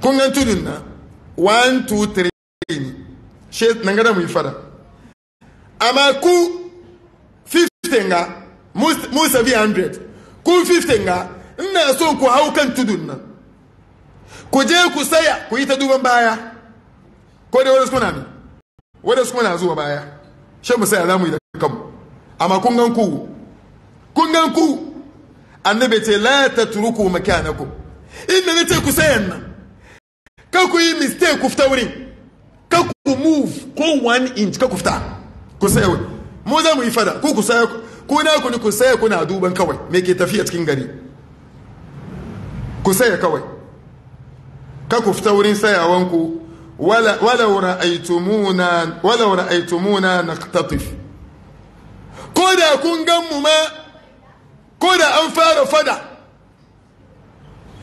kungan tudun na 1 2 3 ne shi nan gada mu yi fada amma ku 50 nga mu 700 kun nga ina so ku hau kan tudun nan ku je ku saya ku yi ta duban baya ko dai wadda suna ne wadda suna zuwa baya shan mu saya za mu yi da kanmu amma kun gan ku kun gan ku annabi ce la tatruku makanakum inda nace ku sayan nan ka ku yi mistake ku fita wurin ka ku move ko one inch ka ku fita ku saya wurin mu za mu yi fada ku ku ku na ku ku saya kuna duban kawai me ke tafiya cikin gari ku saya kawai ka ku fita wurin wala wala ra'aytumuna wala ra'aytumuna naqtatif ko da kun gan mu ma ko da an fara fada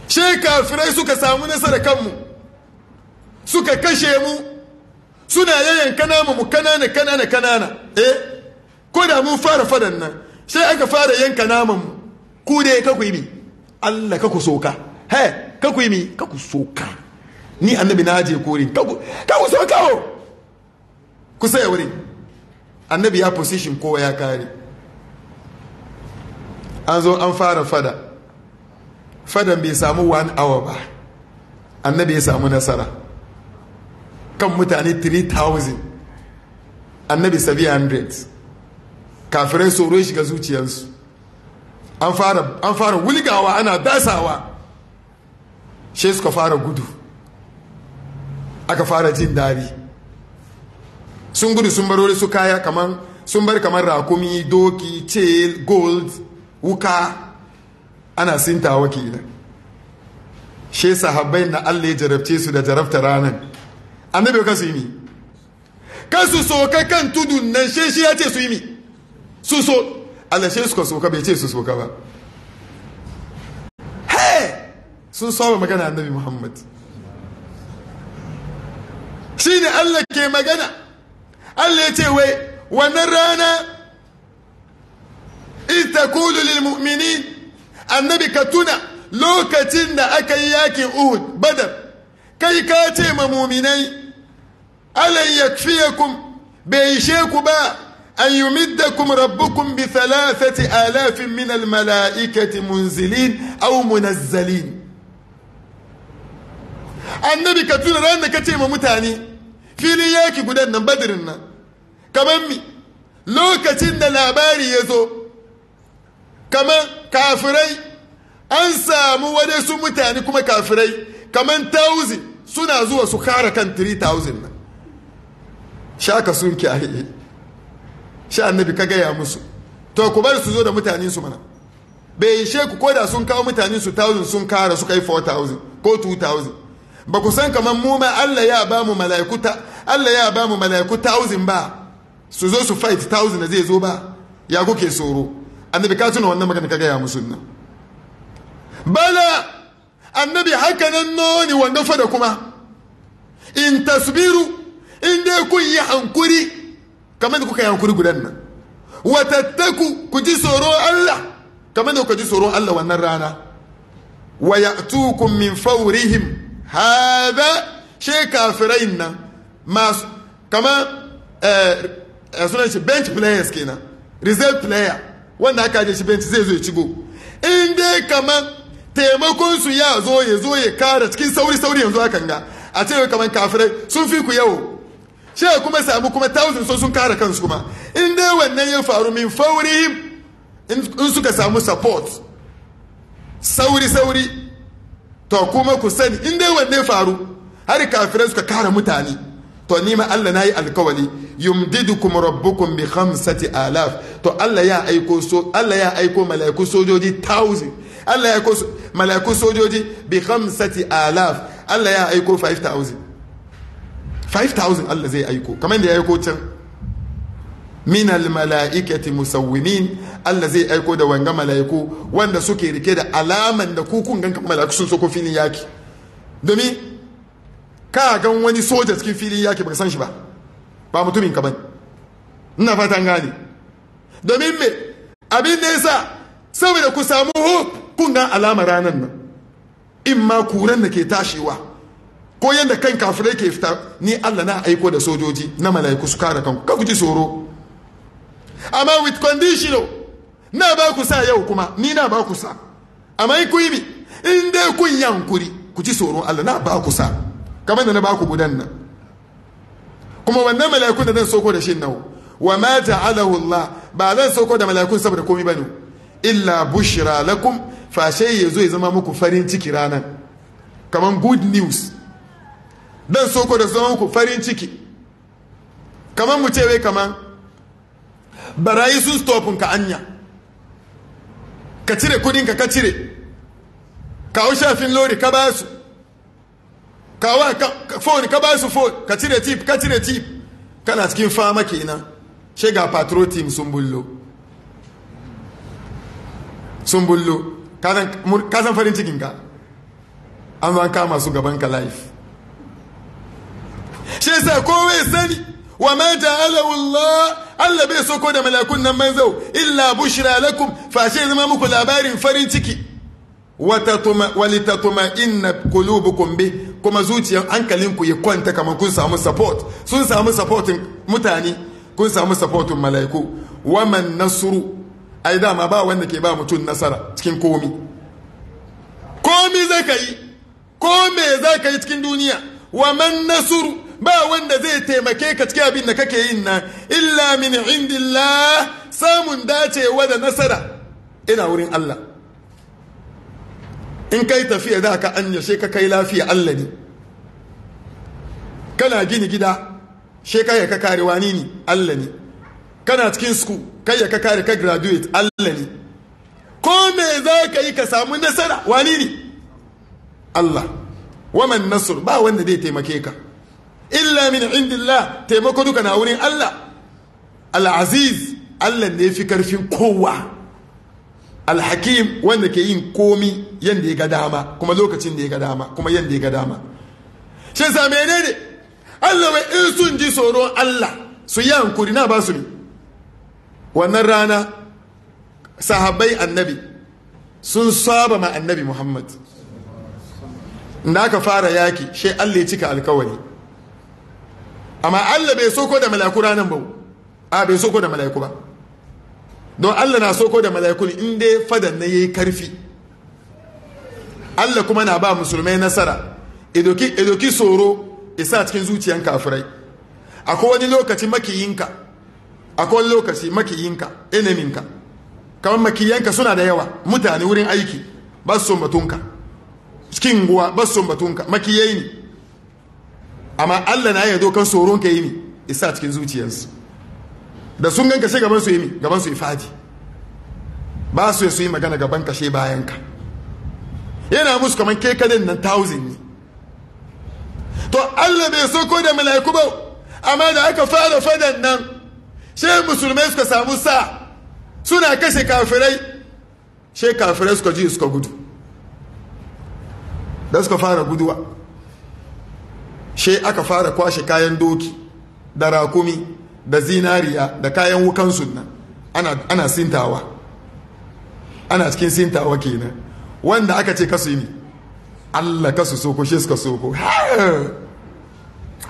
she kafirai suka samu nasara kanmu suka kashe mu suna yayan kanama mu kanana kanana kanana eh ko da mun fara fadan nan sai aka fara yanka naman ku dai ka ku yi mi Allah ka ku soka he ka ku yi mi ka ku soka ni annabi na je kore ka ku ka ku soka ho ku sai wuri annabi ya position ko ya kare an zo an fara fada fadan bai samu one hour ba annabi ya samu nasara kan mutane 3000 annabi 700 kafirai tsoro shiga zuciyarsu an fara wulgawa ana dasawa shi suka fara gudu aka fara jin dari sun gudu sun barori su kaya kamar sun bar kamar rakumi doki ce gold wuka ana sintawa kenan shai sahabbai na Allah ya jarabce su da jarabta ranar annabi ka yi mi kasu su kan tudun nan shai shi ya ce su yi mi Suso so alashe su kwasu bai ce su ka ba he sun so magana annabi muhammad shi ne allah ke magana allah ya ce wai wannan rana ita kulu lil annabi ka tuna lokacin da aka yi yakin uhud badar kai ka ce ma muminai alayyakfiyakum bai ishe ku ba أن يمدكم ربكم بثلاثة آلاف من الملائكة منزلين أو منزلين annabi ka tuna ranar ka ce ma mutane filin yaki gudan nan badirin nan kamar mi lokacin da labari ya zo kamar kafirai an samu wadansu mutane kuma kafirai kamar 1000 suna zuwa su kara kan 3000 nan shaka sun kyaye sha annabi ka gaya musu to ku bar su zo da mutanen su mana bai ishe ku ko da sun kawo mutanen su 1000 sun kara su kai 4000 ko 2000 ba ku san kamar mu ma Allah ya ba mu mala'iku Allah ya ba mu mala'iku 1000 ba su zo su fight 1000 da zai zo ba ya kuke tsoro annabi ka tuna wannan magana ka gaya musu nan bala annabi haka nan noni wanda fa da kuma in tasbiru in dai kun yi hankuri kamar da kuka yi hankuri gudan nan watattaku ku ji tsoron Allah kamar da kuka ji tsoron Allah wannan rana wa ya'tukum min fawrihim hada she kafirai nan masu kamar eh, eh, sunan shi bench players kenan reserve player wanda aka ajiye shi bench zai zo ya ci go in dai kama taimakon su ya zo ya zo ya kara cikin sauri sauri yanzu hakan ga a ce kamar kafirai sun fi ku yawo shi kuma samu kuma thousand so sun kara kansu kuma in dai wannan ya faru min fauri in suka samu support sauri sauri to kuma ku sani in dai wannan ya faru har kafirai suka kara mutane to ni ma Allah nayi alkawali yumdidukum rabbukum bi khamsati alaf to Allah ya aiko so Allah ya aiko malaiku sojoji thousand Allah ya aiko malaiku sojoji bi khamsati alaf Allah ya aiko 5000 5000 Allah zai aiko kamar da ya aiko can min almala'ikati musawwimin Allah zai aiko da wanga mala'iku wanda suke rike da alaman da kukun ganka mala'iku sun soko filin yaki domin ka gan wani soja cikin filin yaki baka san shi ba ba mutumin ka bane ina fatan gane domin me abin da yasa saboda ku samu hope kun ga alama ranan nan in ma kuran da ke tashewa ko yadda kan kafirai ke fita ni Allah na aiko da sojoji na mala'iku su kare kanku ka guji tsoro amma with condition na ba ku sa yau kuma ni na ba ku sa amma in kuyi bi in dai kun yankuri ku ji tsoron Allah na ba ku sa kamar da na ba ku gudan nan kuma wannan mala'ikun da zan soko da shi nau wa ma ja'alahu Allah ba zan soko da mala'ikun saboda komai bane illa bushra lakum fa shay yazo ya zama muku farin ciki ranan Kamar good news dan so ku da zaman ku farin ciki kamar mu ce wai kamar barayi sun stopin ka anya ka cire kudin ka ka cire kawo shafin lori ka ba su kawo phone ka ba su phone ka cire tip ka cire tip kana cikin fama kenan she ga patrol team sun bullo sun bullo ka san farin cikin ka an zo kama su gaban ka life shi yasa kowa ya sani wa ma ja'alahu Allah Allah bai so ko da malakun nan manzo illa bushra lakum fa shi zama muku labarin farin ciki in inna qulubukum bi kuma zuciyar hankalinku ya kwanta kamar kun samu support sun samu supportin mutane kun samu supportin malaiku waman nasru ai dama ba wanda ke ba mutum nasara cikin komi komi zaka yi ko me zaka yi cikin duniya waman nasru ba wanda zai taimake ka cikin abin da kake yin nan illa min indillah samun dacewa da nasara ina wurin Allah in kai tafiya da ka an yashe ka kai lafiya Allah ne kana gini gida she ya ka kare wani ne Allah ne kana cikin suku, kai ya ka kare ka graduate Allah ne ko me za ka yi ka samu nasara wani ne Allah waman nasur ba wanda zai taimake ka illa min indillah taimako duka na wurin Allah Al'aziz Allah ne fi karfin kowa Alhakim hakim wanda ke yin komi yanda ya ga dama kuma lokacin da ya ga dama kuma yanda ya ga dama shi sa menene Allah mai in sun ji tsoron Allah su yi hankuri na ba su ne wannan rana sahabai annabi sun saba ma annabi Muhammad da aka fara yaki shi Allah ya cika alkawari amma Allah bai soko da mala'iku ranan ba a bai soko da mala'iku ba don Allah na soko da mala'iku inda ya fadan na yi karfi Allah kuma na ba musulmai nasara idoki idoki tsoro isa cikin zuciyan kafirai akwai wani lokaci makiyinka akwai wani lokaci makiyinka eneminka kamar makiyanka suna da yawa mutane wurin aiki ba su son batunka cikin guwa ba su son batunka makiyai ne amma Allah na ya dokan kan tsoron ka yi mi isa cikin zuciyarsu da sun ganka shi gaban su yi mi gaban yi fadi ba su su yi magana gaban kashe bayan ka yana musu kamar ke nan thousand ne to Allah bai so ko da mala'iku ba amma da aka fara fadan nan sai musulmai suka samu sa suna kashe kafirai sai kafirai suka ji suka gudu da suka fara guduwa she aka fara kwashe kayan doki da rakumi da zinariya da kayan wukan sunna ana, sintawa ana cikin sintawa kenan wanda aka ce kasu ne allah kasu soko shi suka soko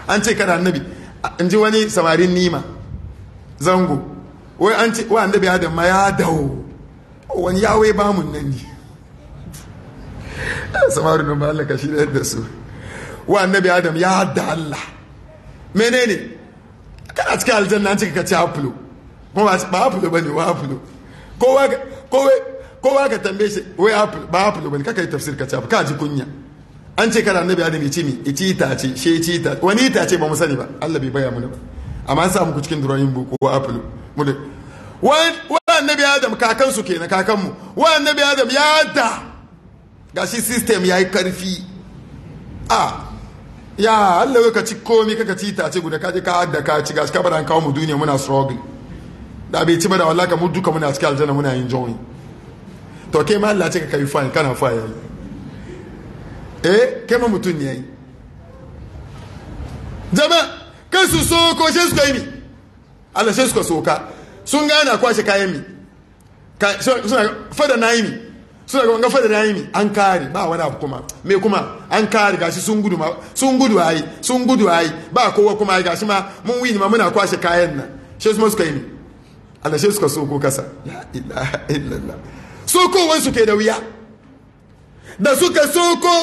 an ce kada annabi in ji wani samarin nima zango wai an ce wa annabi adam ma ya dawo wani yawai bamun nan ne samarin nan ba allah ka shi da su wa annabi adam ya da Allah menene kana cikin aljanna an cika ka ci apple kuma ba apple bane wa apple kowa kowa ka tambaye shi wa apple ba apple bane kaka yi tafsir ka ci apple ka ji kunya an ce kana annabi adam ya ci mi ya ci itace shi ya ci itace wani itace ba mu sani ba Allah bai baya ne ba amma an sa muku cikin drawing book ko apple mu da wa annabi adam kakansu kenan kakanmu wa annabi adam ya da gashi system ya yi karfi a ah, ya Allah ka ci komi kaka ci ta ce guda ka ka hadda ka ci gashi ka an kawo mu duniya muna struggle da bai ci ba da wallaka ka mu duka muna cikin aljanna muna yin join to ke ma Allah ce ka kai fine kana fine eh ke ma mutun ne yayi jama kai su so ko sai su kai mi Allah sai su ka ka sun gane akwashe kayan mi suna fada na yi mi suna ga gafar da yi an kare ba wani abu kuma me kuma an kare gashi sun gudu ma sun gudu ayi sun gudu ayi ba kowa kuma ayi gashi ma mun wini ma muna kwashe kayan nan shi su suka yi Allah shi suka so ko kasa la ilaha illallah so ko wansu ke da wuya da suka so ko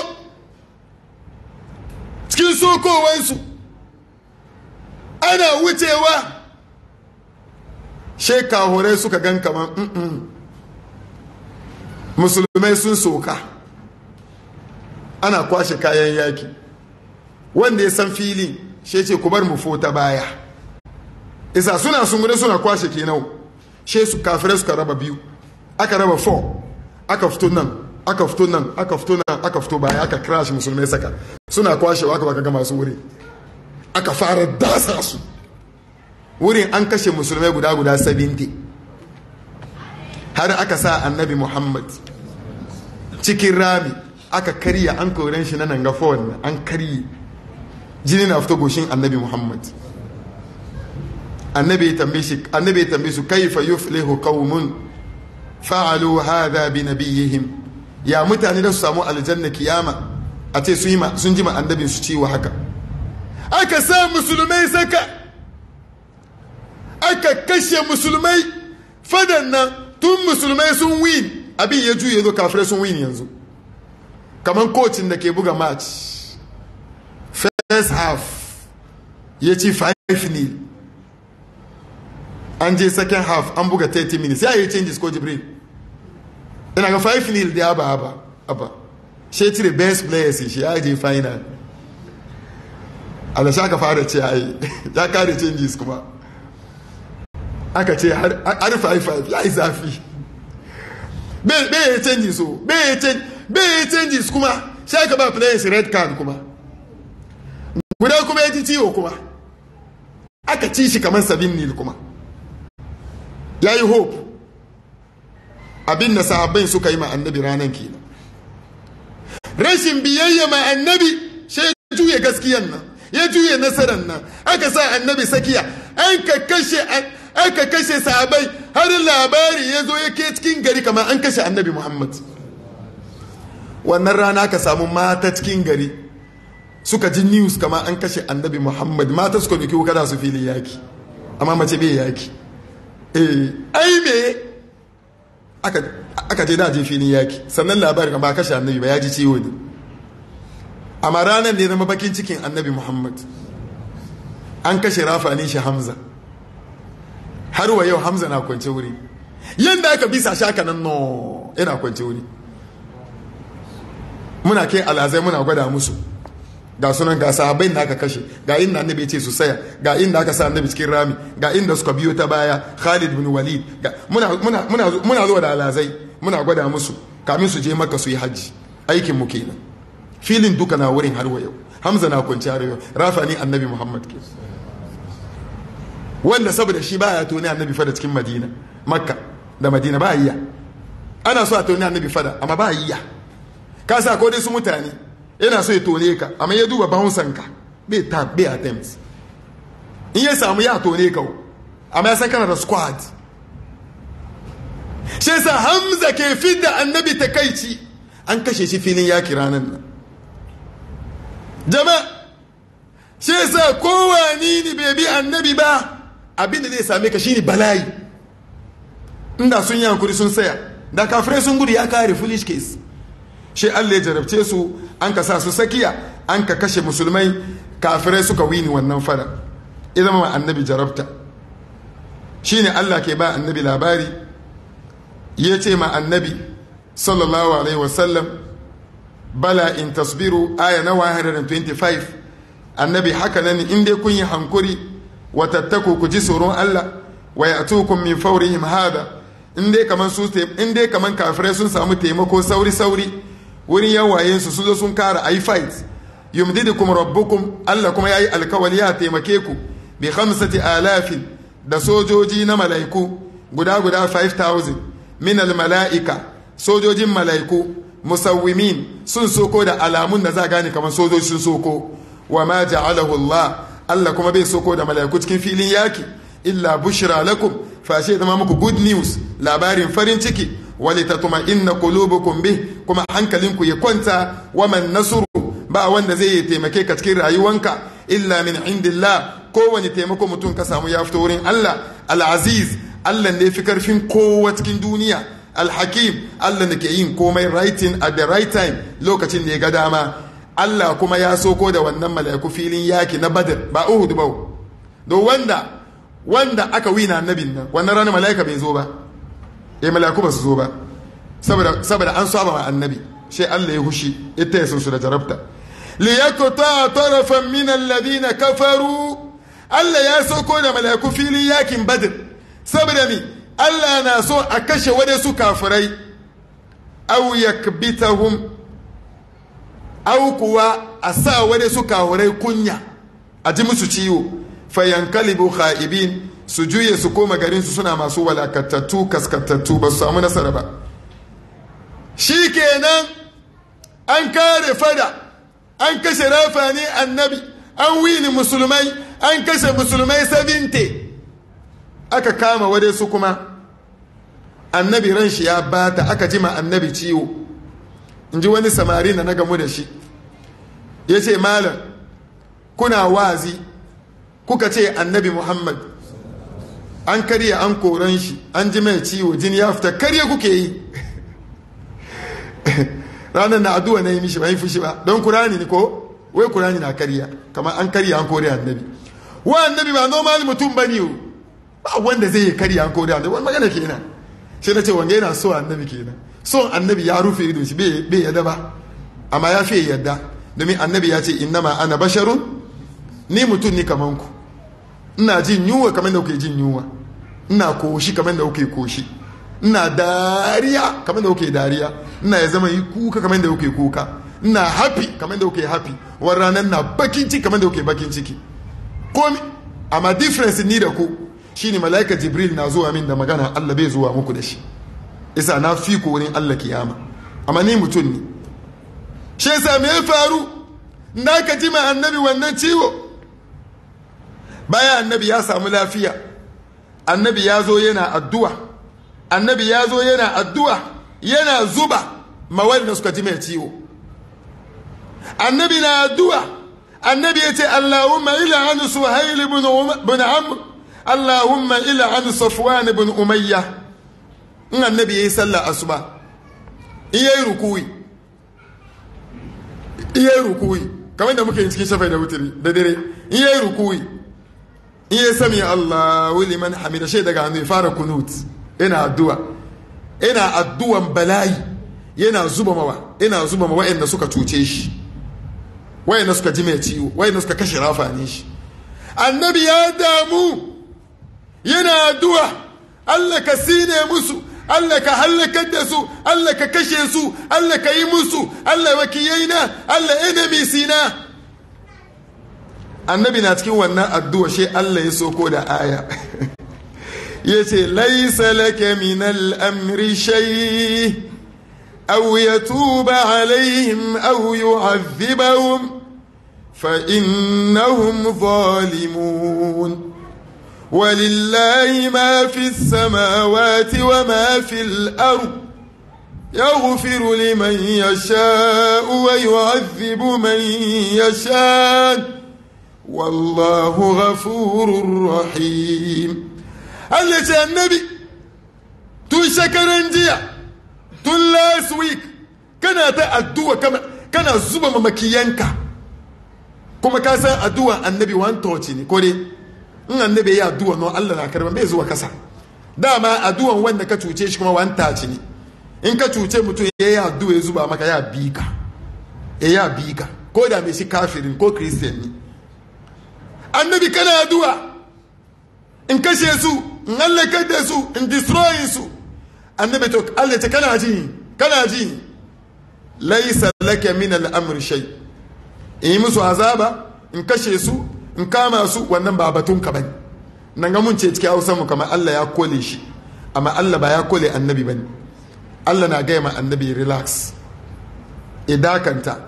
cikin so ko wansu ana wucewa shekahorai suka gan kaman mm musulmai sun soka ana kwashe kayan yaki wanda ya san fili shi ce ku bar mu fota baya isa suna sungune suna kwashe kenau shi su kafirai suka raba biyu aka raba 4 aka fito nan aka fito nan aka fito nan aka fito baya aka crash musulmai saka suna wa aka baka gama su wuri aka fara dasa su wurin an kashe musulmai guda guda 70 har aka sa annabi muhammad cikin rami aka karya an koren shi na nan ga fowar an karye jini na fito goshin annabi muhammad annabi ya tambaye su fa yuflihu qaumun fa'alu hadha bi nabiyihim ya mutane da su samu aljanna kiyama a ce sun ji ma annabin su ciwo haka aka sa musulmai saka aka kashe musulmai fadan nan tun musulmai sun wini abin ya juye zo kafirai sun win yanzu kamar kocin da ke buga match first half ya ci 5 ne an je second half an buga 30 minutes ya yi changes ko jibril ina ga 5 nil da ba ba aba she cire best players shi ya je final ala shaka fara ce ai ya kare changes kuma aka ce har 5-5 ya yi zafi bai changes canji so bai ya canji kuma sai ka ba players red card kuma guda kuma ya ji ciwo kuma aka ci shi kamar sabin nil kuma ya yi hope abin da sahabbai suka yi ma annabi ranar kenan rashin biyayya ma annabi shi ya juye gaskiyan nan ya juye nasarar nan aka sa annabi sakiya an ka kashe aka kashe sahabai har labari ya zo yake cikin gari kamar an kashe annabi muhammad wannan rana ka samu mata cikin gari suka ji news kamar an kashe annabi muhammad mata suka duki kada su fili yaki amma mace bai yaki eh ai me aka je da je filin yaki sannan labarin kamar kashe annabi ba ya ji ciwo ne amma ranar ne zama bakin cikin annabi muhammad an kashe rafa shi hamza har wa yau hamza na kwance wuri yadda aka bisa shaka nan no yana kwance wuri muna kai alazai muna gwada musu ga sunan ga sahabbai da aka kashe ga inda annabi ce su saya ga inda aka sa annabi cikin rami ga inda suka biyo ta baya Khalid bin Walid muna muna muna muna zuwa da alazai muna gwada musu kamin su je maka su yi haji aikin mu kenan filin duka na wurin har wa yau Hamza na kwanciya har yau rafa ni annabi Muhammad kenan wanda saboda shi baya toni annabi fada cikin madina makka da madina ba iya ana so a toni annabi fada amma ba iya ka sa ko dai su mutane yana so ya tone ka amma ya duba bouncer ka bai ta bai attempt in ya samu ya tone ka amma ya san kana da squad shi yasa hamza ke fidda annabi takaici an kashe shi filin ya kira nan jama'a shi yasa kowa ni bai bi annabi ba abin da zai same ka shine bala'i inda sun yi hankuri sun saya da kafirai sun gudu ya kare foolish case shi Allah ya jarabce su an ka sa su sakiya an ka kashe musulmai kafirai suka wini wannan fara idan ma annabi jarabta shine Allah ke ba annabi labari ya ce ma annabi sallallahu alaihi wasallam bala in tasbiru aya na 125 annabi haka nan in dai kun yi hankuri wa tattaku ku ji tsoron Allah wa ya'tukum min fawrihim hada in dai kaman su in dai kaman kafirai sun samu taimako sauri sauri wurin yawayen su zo sun kara ai fight yumdidukum rabbukum Allah kuma yayi alkawali ya taimake ku bi khamsati alafin da sojoji na malaiku guda guda 5000 min al malaika sojojin malaiku musawwimin sun soko da alamun da za gane kamar sojoji sun soko wa ma ja'alahu Allah Allah kuma bai soko da mala'iku cikin filin yaki illa bushra lakum fashe zama muku good news labarin farin ciki wali tatuma inna qulubukum bih kuma hankalinku ya kwanta wa man nasru ba wanda zai yi taimake ka cikin rayuwanka illa min indillah kowane taimako mutum ka samu ya fito wurin Allah al-aziz Allah ne fi karfin kowa cikin duniya al-hakim Allah ne ke yin komai writing at the right time lokacin da ya ga dama Allah kuma ya soko da wannan mala'iku filin yaki na badar ba uhud ba do wanda wanda aka wina annabin nan wannan ranar mala'ika bai zo ba eh mala'iku ba su zo ba saboda saboda an saba ma annabi sai Allah ya hushi ita ya san su da jarabta li yakuta tarafan min alladhina kafaru Allah ya soko da mala'iku filin yakin badar saboda mi Allah na so a kashe wadansu kafirai aw yakbitahum au kuwa a sa wani su kawurai kunya a ji musu ciwo kalibu kha'ibin su juye su koma garin su suna masu walakatattu kaskatattu ba su samu nasara ba shi kenan an kare fada an kashe rafani annabi an wini musulmai an kashe musulmai sabinte aka kama wade su kuma annabi ran shi ya bata aka jima annabi ciwo in ji wani samari na na gamu da shi ya ce malam kuna wazi kuka ce annabi muhammad an karya an koran shi an ji mai ciwo jini ya fita karya kuke yi ranar na addu'a na yi mishi bai fushi ba don kurani ne ko wai kurani na karya kamar an karya an kore annabi wa annabi ba normal mutum ba ne ba wanda zai yi karya an kore annabi wani magana kenan shi na ce wanga yana so annabi kenan son annabi ya rufe ido shi bai yadda ba amma ya fiye yadda domin annabi ya ce innama ana basharun ni mutum ni kaman ku ina jin yunwa kamar da kuke jin yunwa ina koshi kamar da kuke koshi ina dariya kamar da kuke dariya ina ya zama yi kuka kamar da kuke kuka ina happy kamar da kuke happy wa ranar na bakin ciki kamar da kuke bakin ciki komi amma difference ni da ku shine malaika jibril na zuwa min da magana Allah bai zuwa muku da shi isa na fi ko wurin Allah kiyama amma ni mutum ne shi yasa me ya faru na ka ji ma annabi wannan ciwo bayan annabi ya samu lafiya annabi ya zo yana addu'a annabi ya zo yana addu'a yana zuba ma wanda suka ji mai ciwo annabi na addu'a annabi ya ce allahumma ila an haili bin amr allahumma ila an safwan bin umayya in annabi ya yi sallah asuba in ya yi rukuwi in yi rukuyi kamar da muke yin cikin shafai da wutiri da dare in yi rukuyi in yayi sami wuli liman hamida shai daga hannu ya fara kunut ina addu'a ina addu'an bala'i yana zuba mawa ina zuba mawa wa'anda suka cuce shi wa'anda suka ji mai ciwo wa'anda suka kashe rafani shi annabi ya damu yana addu'a Allah ka sine musu Allah ka halakar da su Allah ka kashe su Allah ka yi musu Allah na, Allah sina annabi na cikin wannan addu'a shi Allah ya soko da aya yace laisa laka min al-amri shay aw yatuba alaihim aw yu'adhibahum fa innahum zalimun ولله ما في السماوات وما في الأرض يغفر لمن يشاء ويعذب من يشاء والله غفور رحيم هل يا النبي تشكر انديا تون لاست ويك كان اتا ادوا كما كان زوبا مكيانكا كما كان ادوا النبي وان كولي in annabi ya addu'a no Allah na karban bai zuwa kasa dama addu'an wanda ka cuce shi kuma wanta ci ne in ka cuce mutum ya yi addu'a ya zuba maka ya bi ka ya bi ka ko da mai shi kafirin ko kristiyan ne annabi kana addu'a in kashe su in ka da su in destroy su annabi to Allah ta kana ji kana ji laysa laka min al-amr shay in yi musu azaba in kashe su in kama su wannan ba batun ka bane nan ga mun ce cikin hausa mu kamar Allah ya kole shi amma Allah ba ya kole annabi bane Allah na gaya ma annabi relax idakanta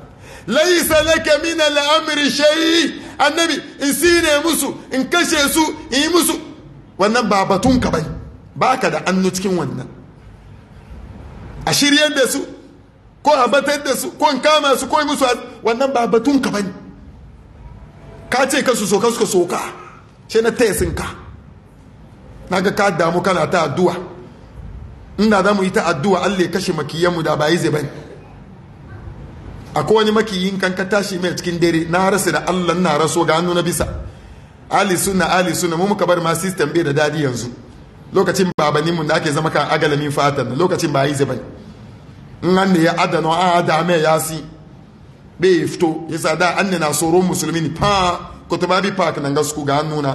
laisa laka min al'amri shay annabi in sine musu in kashe su in yi musu wannan ba batun ka bane baka da annu cikin wannan a shiryar da su ko a batar da su ko in kama su ko yi musu wannan ba batun ka bane ka ce su soka suka soka shi na taya sun ka na ga ka damu kana ta addu'a inda za mu yi ta addu'a allai kashe makiyanmu da bayi zai bane akwai wani makiyin kan ka tashi mai cikin dare na rasa da allah na raso ga hannu na bisa ali suna ali suna mu muka bar ma system bai da dadi yanzu lokacin babaninmu da ake zama kan agalamin fatan lokacin ba zai bani in an ne ya adana a adame ya si bai fito yasa da an na tsoron musulmi ne kotobabi park nan kanan suku ga nuna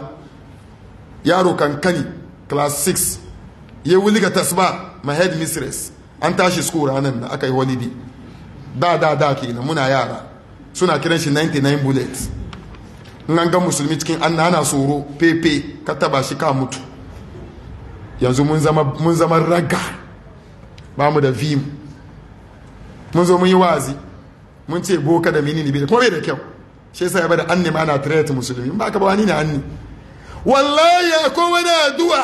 yaro kankani class 6 ya wuli ga tasba ma head mistress an tashi suku ranar da aka yi holiday da da da kenan muna yara suna kiran shi 99 bullets nan ga musulmi cikin an nana tsoro pepe ka taba shi ka mutu yanzu mun zama raga ba mu da vim mun zo mun yi wazi mun ce boka da mini ne kuma bai da kyau shi yasa ya bada anni ma ana tare musulmi ba ka ba wani ne anni wallahi akwai wani addu'a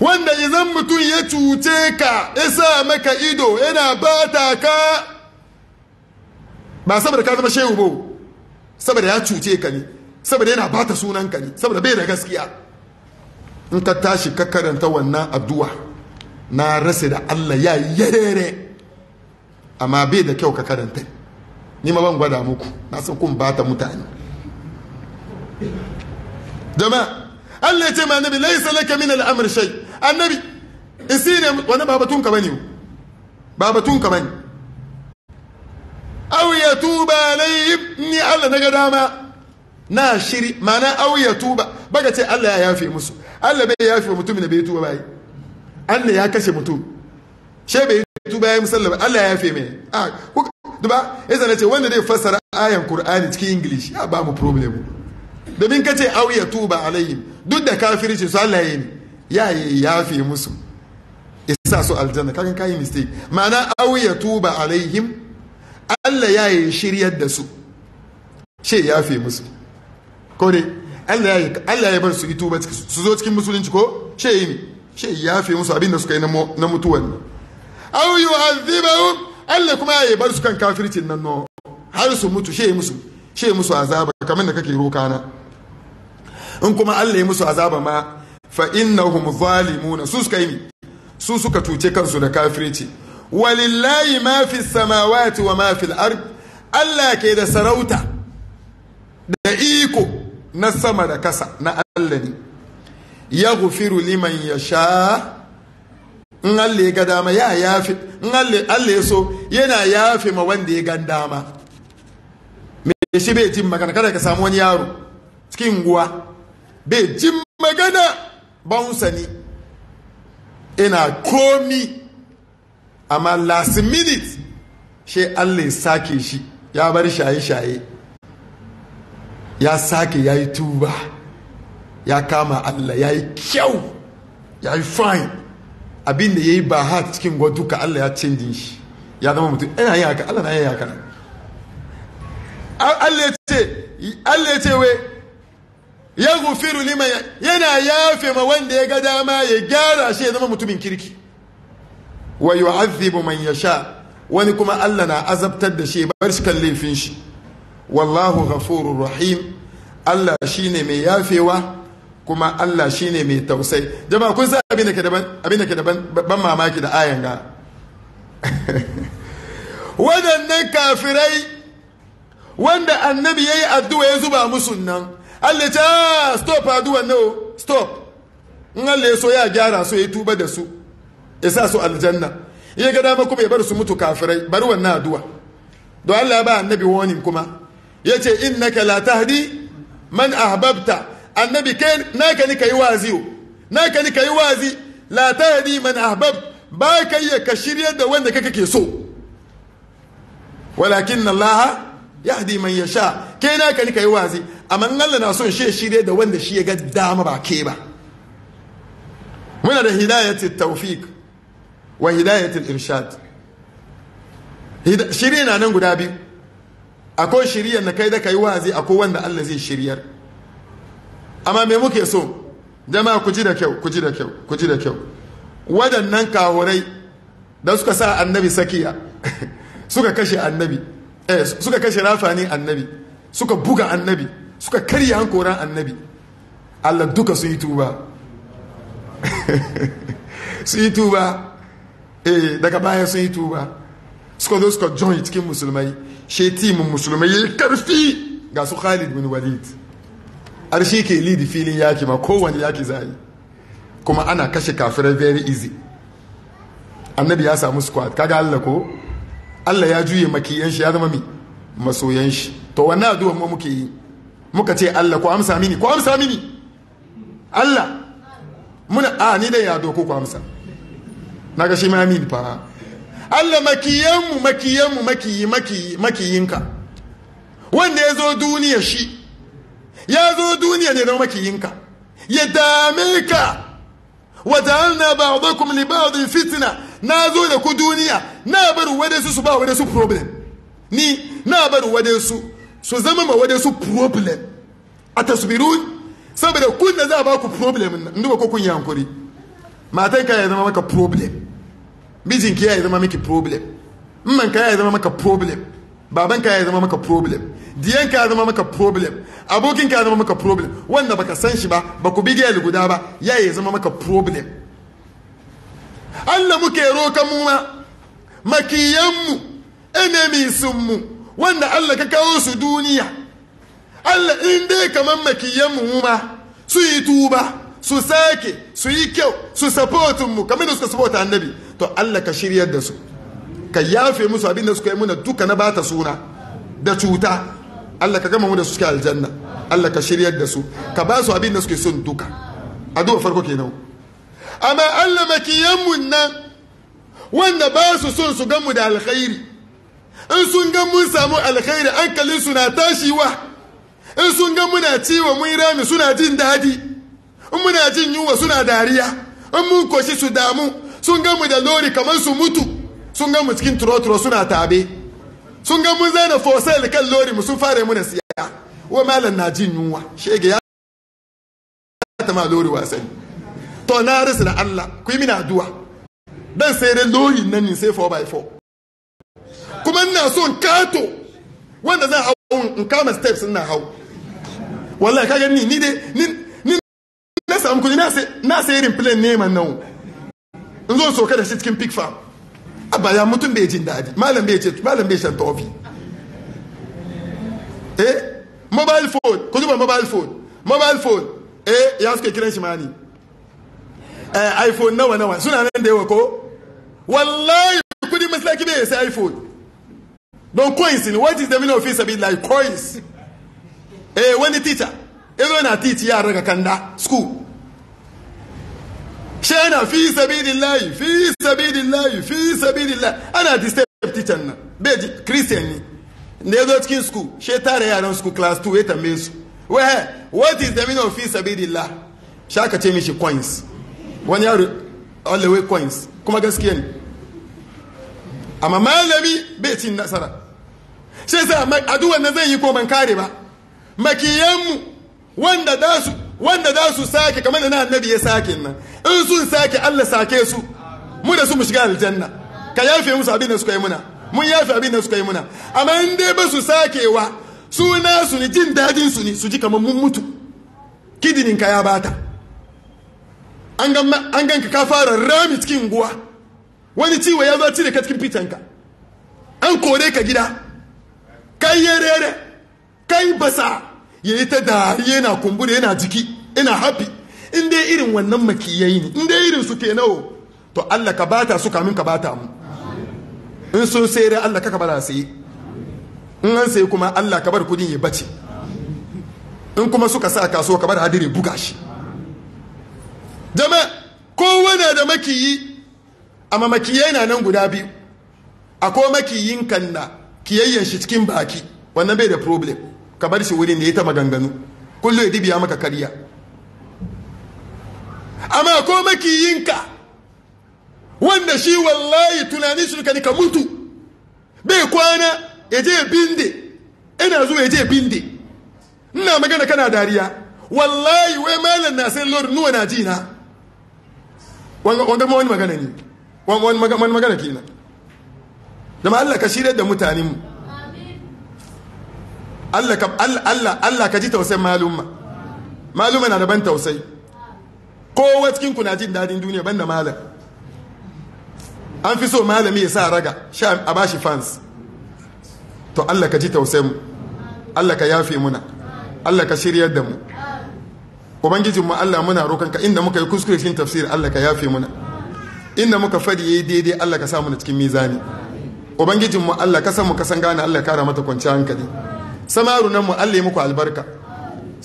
wanda idan mutum ya cuce ka ya sa maka ido yana bata ka ba saboda ka zama shehu ba saboda ya cuce ka ne saboda yana bata sunan ka ne saboda bai da gaskiya in ka tashi ka karanta wannan addu'a na rasa da Allah ya yare amma bai da kyau ka karanta ni ma ban gwada muku na san kun ta mutane dama Allah ya ce ma annabi laisa laka min al'amr shay annabi isire wani babatun ka bane babatun ka bane aw tuba alayhim ni Allah naga dama na shiri mana aw tuba baga ce Allah ya yafe musu Allah bai yafe mutumin ne bai tuba bai Allah ya kashe mutum she bai bayan musallama Allah ya yafe mai a duba ya zana ce wanda zai fassara ayan Kur'ani cikin English ya ba mu problem domin kace ce ya tuba alayhim duk da kafirci su Allah ya yi ya yafe musu isa su aljanna kakan kai mistake ma'ana aw ya tuba alayhim Allah ya yi shiryar da su she yafe musu ko Allah ya Allah ya bar su ituba su zo cikin musulunci ko she yi ne she yafe musu abin da suka yi na mutuwan nan aw yu'adhibahum Allah kuma ya bar su kan kafircin nan no har su mutu she musu she musu azaba kamar da kake roka na in kuma Allah ya musu azaba ma fa innahum zalimuna su suka yi su suka tuce kansu da kafirci walillahi ma fi samawati wa ma fi al Allah ke da sarauta da iko na sama da kasa na Allah ne ya gufiru liman ya sha in Allah ya ga dama ya yafi in Allah ya so yana yafi ma wanda ya gan dama me shi bai jin magana kada ka samu wani yaro cikin guwa bai jin magana ba ne ina komi amma last minute shi Allah ya sake shi ya bar shaye-shaye ya sake ya yi tuba ya kama Allah ya yi kyau ya yi fine abin da ya yi ba ha cikin gwa duka Allah ya canjin shi ya zama mutum ina yin haka Allah na yin haka Allah ya ce Allah ya ce we ya gufiru lima yana yafe ma wanda ya ga dama ya gyara shi ya zama mutumin kirki wa yu'adhibu man ya sha wani kuma Allah na azabtar da shi bar shi kan laifin shi wallahu ghafurur rahim Allah shine mai yafewa kuma Allah shine mai tausai Jam'a kun san abin da ke daban da ban mamaki da ayan ga wadannan kafirai wanda annabi yayi addu'a ya zuba musu nan Allah ta ah, stop addu'a no stop in Allah ya so ya gyara su ya tuba da su ya sa su aljanna ya ga dama kuma ya bar su mutu kafirai bari wannan addu'a Do Allah ya ba annabi warning kuma yace innaka la tahdi man ahababta. annabi kai naka ni kai wazi naka ni kai wazi la tahdi man ahbab ba ka ka shirya da wanda kake so walakin Allah yahdi man yasha kai naka ni kai wazi amma Allah na son shi shirye da wanda shi ya ga dama ba ke ba muna da hidayati tawfiq wa hidayati irshad shirya na nan guda biyu akwai shiriyar na kai da kai wazi akwai wanda Allah zai shiryar amma me muke so jama'a ku ji da kyau ku ji da kyau ku ji da kyau waɗannan kahurai da suka sa annabi sakiya suka kashe annabi eh suka kashe rafani annabi suka buga annabi suka karya hankoran annabi Allah duka su yi tuba su yi tuba eh daga baya sun yi tuba suka zo suka join cikin musulmai shetimin musulmai ya yi karfi ga su Khalid bin Walid har shi ke lidi filin yaki ma kowane yaki za yi kuma ana kashe kafirai very easy annabi ya samu squad kaga Allah ko Allah ya juye makiyan shi ya zama mi masoyan shi to wannan addu'a mu muke yi muka ce Allah ko amsa mini ko amsa mini Allah muna a ni dai ya doko ko amsa naga shi ma mini fa Allah makiyan mu makiyan mu makiyi makiyi makiyinka wanda ya zo duniya shi ya zo duniya ne don makiyinka ya dame ka wa ja'alna ba'dakum li ba'din fitina na zo da ku duniya na bar wadansu su ba wadansu problem ni na bar wadansu su zama ma wadansu problem a tasbiru saboda kun da za a ba ku problem inda ba ko kun yi hankuri matan ka ya zama maka problem mijinki ya zama miki problem mmanka ka ya zama maka problem babanka ya zama maka problem diyanka ya zama maka problem abokinka ya zama maka problem wanda baka san shi ba ba ku bige guda ba ya ya zama maka problem Allah muke roka mu ma makiyanmu enemisinmu wanda Allah ka kawo su duniya Allah in dai kamar makiyanmu mu ma su yi tuba su sake su yi kyau su support mu kamar da suka support annabi to Allah ka shiryar da su ka yafe musu abin da suka yi muna duka na bata suna da cuta Allah ka gama mu da suke aljanna Allah ka shiryar da su ka ba su abin da suke son duka a duwa farko kenan amma Allah makiyan nan wanda ba su son su gamu da alkhairi in sun ga mun samu alkhairi ankalin su na wa, in sun ga muna ciwo mun rami suna jin dadi in muna jin yunwa suna dariya in mun koshi su damu sun gamu da lori kamar su mutu sun ga mu cikin turo-turo suna tabe sun ga mun zaina fosel kan lori mu sun fara na siya wa malam na jin yunwa shege ya ta ma lori wasan to na rasa da Allah ku yi mini addu'a dan sai dai lori nan ne sai 4 by 4 kuma ina so in kato wanda zan hau in kama steps ina hau wallahi ka gani ni dai ni na samu kuɗi na sai irin plane neman nan in zo soka da shi cikin pig farm ba ya mutum bai jin daɗi malam bai ce malam bai shan tofi eh mobile phone ku duba mobile phone mobile phone eh ya suke kiran shi mani eh iphone nawa nawa suna nan da yawa ko wallahi kudi maslaki bai sai iphone don coins ne what is the meaning of it sabi like coins eh wani teacher even na teach yara ga kanda school shaina fi layi fi layi fi layi ana disturb teacher na beji christian ne da ya zo cikin school she tare yaran school class 2 ya tambaye su wehe what is the meaning of fi sabilillah shaka ce mishi coins wani yaro all the way coins kuma gaskiya ne amma malami bai cin nasara shi yasa a nan zan yi ko ban kare ba makiyanmu wanda da su wanda za su sake kamar da na annabi ya sake nan in sun sake Allah sake su mu da su mu shiga aljanna ka yafe musu abin da suka yi muna mun yafe abin da suka yi muna amma in dai ba su sakewa suna su ne jin dadin su ne su ji kamar mun mutu kidinin ka ya bata an ganka ka fara rami cikin guwa wani ciwo ya zo cire ka cikin ka an kore ka gida kai yare kai basa ya yi ta dariya yana kumbura yana jiki ina hafi in dai irin wannan makiyayi ne in dai irin su ke nawo to Allah ka bata su kamin ka bata mu in sun sai Allah kaka bada sai in an sai kuma Allah ka bar kudin ya bace in kuma suka sa kasuwa ka bar hadiri buga shi jama'a kowane da makiyi amma makiyayi na nan guda biyu akwai makiyin kanna kiyayyen shi cikin baki wannan bai da problem ka bar shi wurin da ya ta maganganu kullum ya dibiya maka kariya. amma ko makiyinka wanda shi wallahi tunani su ka nika mutu bai kwana ya je binde ina zuwa ya je binde ina magana kana dariya wallahi wai malam na sai lord nuwa na jina wanda wani magana ne wani magana kenan da Allah ka shirya da mutanenmu Allah ka Allah Allah ka ji tausayin maluma maluma na da ban tausayi kowa cikin ku na jin dadin duniya banda malam an fi so malami ya sa raga sha a bashi fans to Allah ka ji tausayin mu Allah ka yafe muna Allah ka shiryar da mu ubangijin mu Allah muna rokanka inda muka yi kuskure cikin tafsir Allah ka yafe muna inda muka fadi yayi daidai Allah ka sa mu cikin mizani ubangijin mu Allah ka san mu ka san gane Allah ya kara mata kwanciyar hankali nan mu Allah ya muku albarka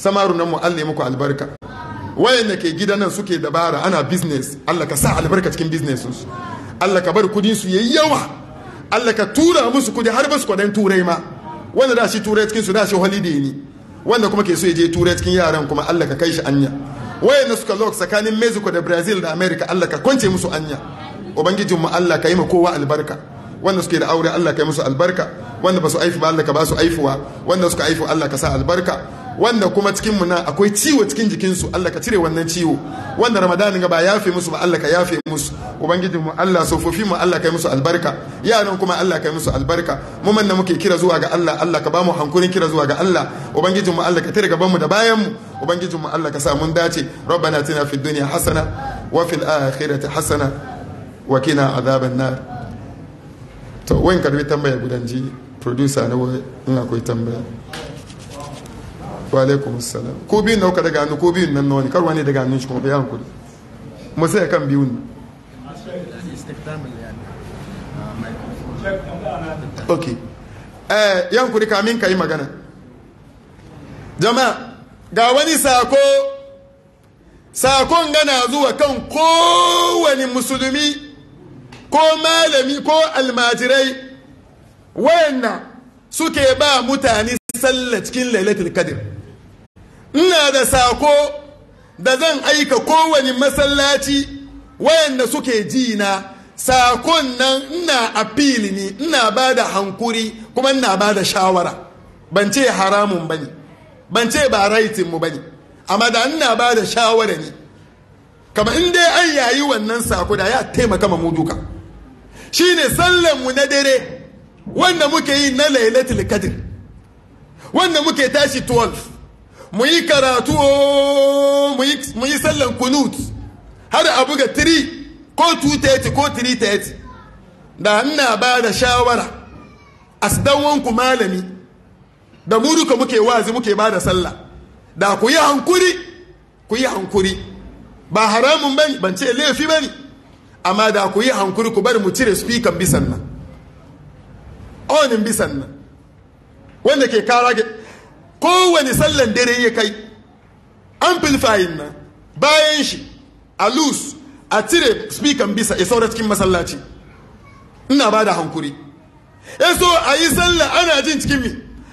nan mu Allah ya muku albarka wayanda ke gidan nan suke dabara ana business Allah ka sa albarka cikin businesses Allah ka bar kudin su yayi yawa Allah ka tura musu kudi har ba su kwadan turai ma wanda da shi turai cikin su da shi holiday ne wanda kuma ke so ya je turai cikin yaran kuma Allah ka kai shi anya wayanda suka lock tsakanin Mexico da Brazil da America Allah ka kwance musu anya ubangijinmu Allah ka yi ma kowa albarka wanda suke da aure Allah kai musu albarka wanda ba su aifi ba Allah ka ba su aifuwa wanda suka aifu Allah ka sa albarka wanda kuma cikin muna na akwai ciwo cikin jikinsu Allah ka cire wannan ciwo wanda ramadanin ga ba yafe musu ba Allah ka yafe musu ubangiji mu Allah sofofi mu Allah kai musu albarka yaran kuma Allah kai musu albarka mu manna muke kira zuwa ga Allah Allah ka ba mu hankurin kira zuwa ga Allah ubangiji mu Allah ka tare gaban mu da bayan mu ubangiji mu Allah ka sa mun dace rabbana atina fid dunya hasana wa fil akhirati hasana wa qina adhaban nar to wayan karbi tambaya gudan ji producer na wai ina akwai tambaya wa alaikum assalam ko biyun nauka daga hannu ko biyun nan wani karwa ne daga hannun shi kuma bayan kudi kuma sai kan biyun ok eh yan kuri kamin ka yi magana jama'a ga wani sako sakon gana zuwa kan kowane musulmi ko malami ko almajirai wayanna suke ba mutane sallah cikin lailatul qadr ina da sako da zan aika kowane masallaci wayanda suke ji na sakon nan ina appeal ni, ina ba da hankuri kuma ina ba da shawara ban ce haramun bane ban ce ba raitin mu bane amma da ina ba da shawara ne kamar in dai an yayi wannan sako da ya taimaka ma mu duka shine mu na dare wanda muke yi na lailatul qadr wanda muke tashi 12 mu yi karatu mu yi sallan kunut har a buga 3 ko 230 ko 330 da ina ba da shawara asdanwanku malami da mu duka muke wazi muke ba da sallah da ku yi hankuri ku yi hankuri ba haramun bane ban ce laifi bane amma da ku yi hankuri ku bari mu cire spikan bisan nan onin bisan nan wanda ke kara kowane sallan dare ya kai amplifying nan bayan shi a loose a cire spikan bisa ya saura cikin masallaci ina ba da hankuri ya so a yi sallah ana jin cikin mi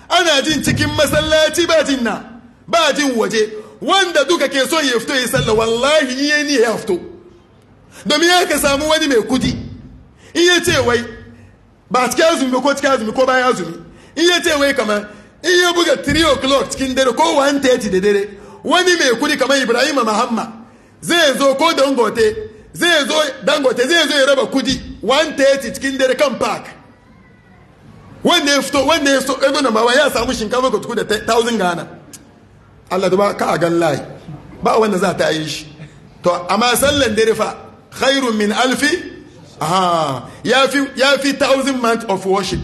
ana jin cikin masallaci ba jin na ba jin waje wanda duka ke so ya fito ya sallah wallahi yi ni ya fito domin ya ka samu wani mai kudi in ya ce wai ba cikin azumi ko cikin azumi ko bayan azumi in ya ce wai kamar in ya buga 3 o'clock cikin dare ko 1:30 da dare wani mai kudi kamar ibrahim mahamma zai zo ko dangote zai zo dangote zai zo ya raba kudi 1:30 cikin dare kan park wanda ya fito wanda ya so ego na mawa ya samu shinkafa ko tuku da 1000 gana Allah da ba ka a gan layi ba wanda za ta yi shi to amma sallan dare fa khairun min alfi aha ya fi ya fi thousand months of worship